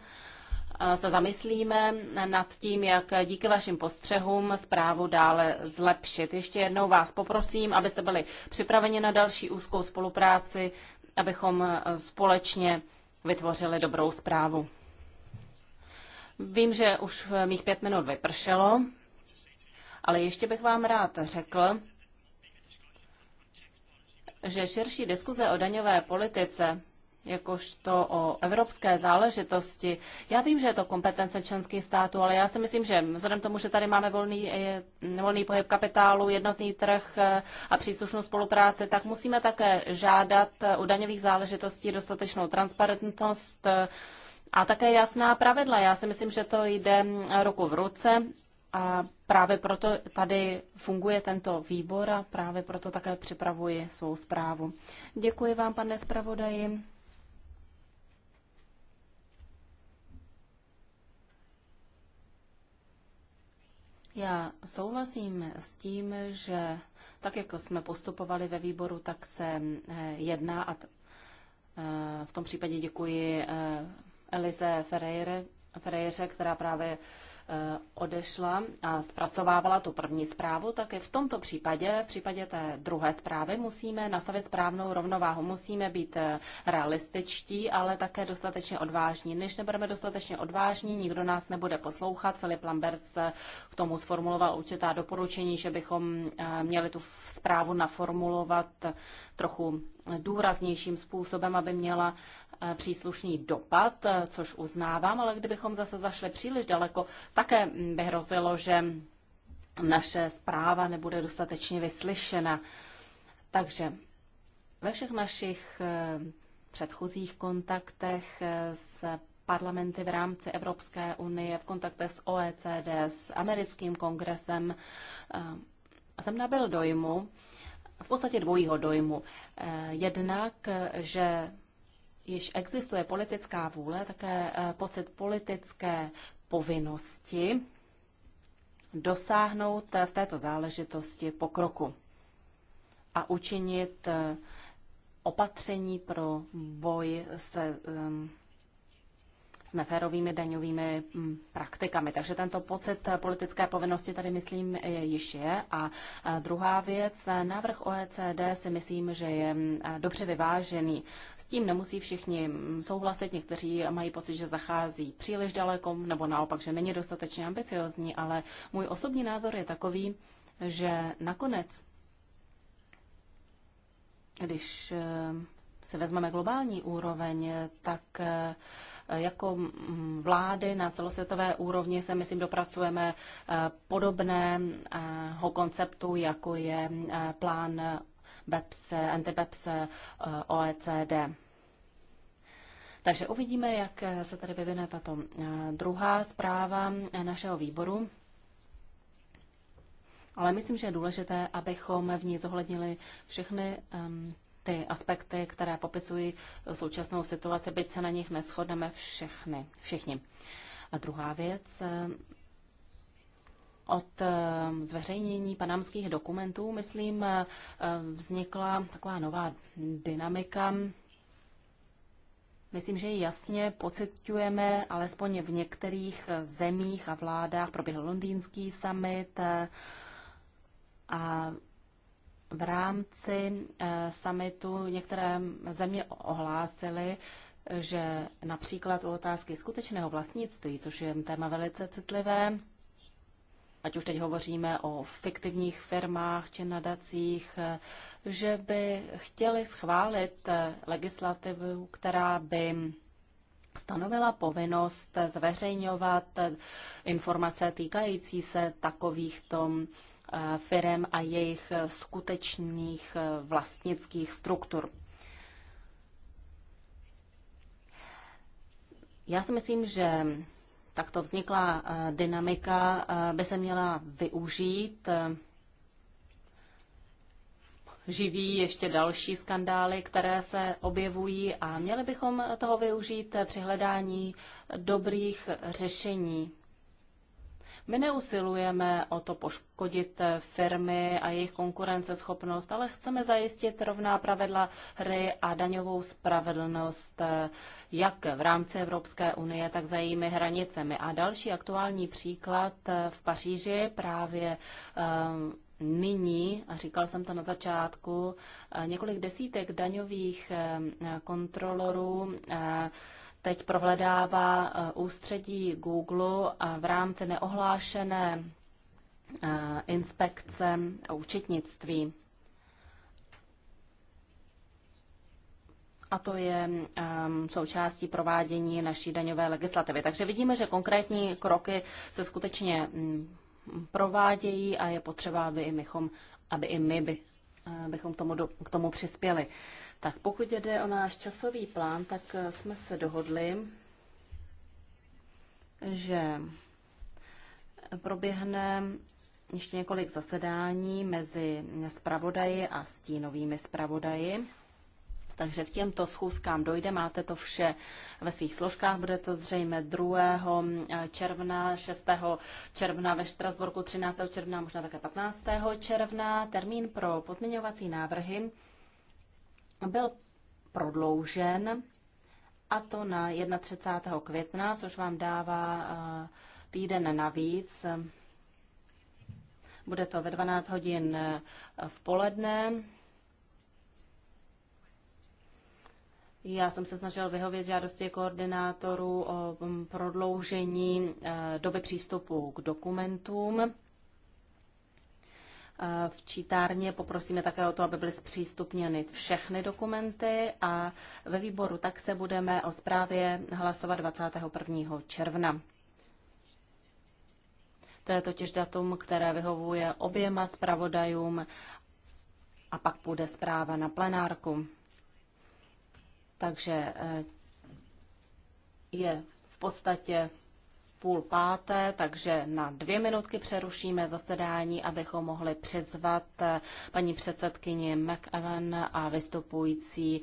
se zamyslíme nad tím, jak díky vašim postřehům zprávu dále zlepšit. Ještě jednou vás poprosím, abyste byli připraveni na další úzkou spolupráci, abychom eh, společně vytvořili dobrou zprávu. Vím, že už mých pět minut vypršelo, ale ještě bych vám rád řekl, že širší diskuze o daňové politice jakožto o evropské záležitosti. Já vím, že je to kompetence členských států, ale já si myslím, že vzhledem tomu, že tady máme volný, eh, volný pohyb kapitálu, jednotný trh eh, a příslušnou spolupráci, tak musíme také žádat eh, u daňových záležitostí dostatečnou transparentnost a také jasná pravidla. Já si myslím, že to jde ruku v ruce a právě proto tady funguje tento výbor a právě proto také připravuji svou zprávu. Děkuji vám, pane zpravodaji. Já souhlasím s tím, že tak, jak jsme postupovali ve výboru, tak se eh, jedná a eh, v tom případě děkuji eh, Elize Ferreire, Ferreire která právě Eh, odešla a zpracovávala tu první zprávu, tak i v tomto případě, v případě té druhé zprávy, musíme nastavit správnou rovnováhu. Musíme být eh, realističtí, ale také dostatečně odvážní. Než nebudeme dostatečně odvážní, nikdo nás nebude poslouchat. Filip Lambert se k tomu sformuloval určitá doporučení, že bychom eh, měli tu zprávu naformulovat trochu důraznějším způsobem, aby měla E, příslušný dopad, e, což uznávám, ale kdybychom zase zašli příliš daleko, také by hrozilo, že naše zpráva nebude dostatečně vyslyšena. Takže ve všech našich e, předchozích kontaktech s parlamenty v rámci Evropské unie, v kontakte s OECD, s americkým kongresem, jsem nabil dojmu, v podstatě dvojího dojmu. Jednak, že již existuje politická vůle, také eh, pocit politické povinnosti dosáhnout eh, v této záležitosti pokroku a učinit eh, opatření pro boj se um, s neférovými daňovými mm, praktikami. Takže tento pocit politické povinnosti tady, myslím, již je. A druhá věc, návrh OECD si myslím, že je mm, dobře vyvážený. S tím nemusí všichni mm, souhlasit, někteří mají pocit, že zachází příliš daleko, nebo naopak, že není dostatečně ambiciozní, ale můj osobní názor je takový, že nakonec, když eh, se vezmeme globální úroveň, tak eh, jako mm, vlády na celosvětové úrovni se, myslím, dopracujeme eh, podobného eh, konceptu, jako je eh, plán BEPS, anti-BEPS OECD. Takže uvidíme, jak se tady vyvine tato druhá zpráva našeho výboru. Ale myslím, že je důležité, abychom v ní zohlednili všechny um, ty aspekty, které popisují současnou situaci, byť se na nich neschodneme všechny, všichni. A druhá věc, eh, od eh, zveřejnění panamských dokumentů, myslím, eh, vznikla taková nová dynamika. Myslím, že jasně pocitujeme, alespoň v některých zemích a vládách, proběhl londýnský summit a v rámci eh, summitu některé země ohlásily, že například u otázky skutečného vlastnictví, což je téma velice citlivé, ať už teď hovoříme o fiktivních firmách či nadacích, eh, že by chtěli schválit eh, legislativu, která by stanovila povinnost zveřejňovat informace týkající se takovýchto Eh, firem a jejich eh, skutečných eh, vlastnických struktur. Já si myslím, že takto vzniklá dynamika by se měla využít. Živí ještě další skandály, které se objevují a měli bychom toho využít při hledání dobrých řešení. My neusilujeme o to poškodit firmy a jejich konkurenceschopnost, ale chceme zajistit rovná pravidla hry a daňovou spravedlnost jak v rámci Evropské unie, tak za jejími hranicemi. A další aktuální příklad v Paříži právě ehm, nyní, a říkal jsem to na začátku, eh, několik desítek daňových ehm, kontrolorů eh, teď prohledává eh, ústředí Google a v rámci neohlášené eh, inspekce a účetnictví. a to je um, součástí provádění naší daňové legislativy. Takže vidíme, že konkrétní kroky se skutečně um, provádějí a je potřeba, aby i, aby i my by, uh, bychom tomu, do, k tomu přispěli. Tak pokud jde o náš časový plán, tak eh, jsme se dohodli, že proběhne ještě několik zasedání mezi zpravodaji a stínovými zpravodaji. Takže k těmto schůzkám dojde, máte to vše ve svých složkách, bude to zřejmě 2. Eh, června, 6. června ve Štrasburku, 13. června, možná také 15. června. Termín pro pozměňovací návrhy byl prodloužen a to na 31. května, což vám dává eh, týden navíc. Bude to ve 12 hodin eh, v poledne. Já jsem se snažil vyhovět žádosti koordinátorů o mm, prodloužení eh, doby přístupu k dokumentům. Eh, v čítárně. Poprosíme také o to, aby byly zpřístupněny všechny dokumenty a ve výboru tak se budeme o zprávě hlasovat 21. června. To je totiž datum, které vyhovuje oběma zpravodajům a pak půjde zpráva na plenárku. Takže eh, je v podstatě půl páté, takže na dvě minutky přerušíme zasedání, abychom mohli přizvat eh, paní předsedkyni McEwen a vystupující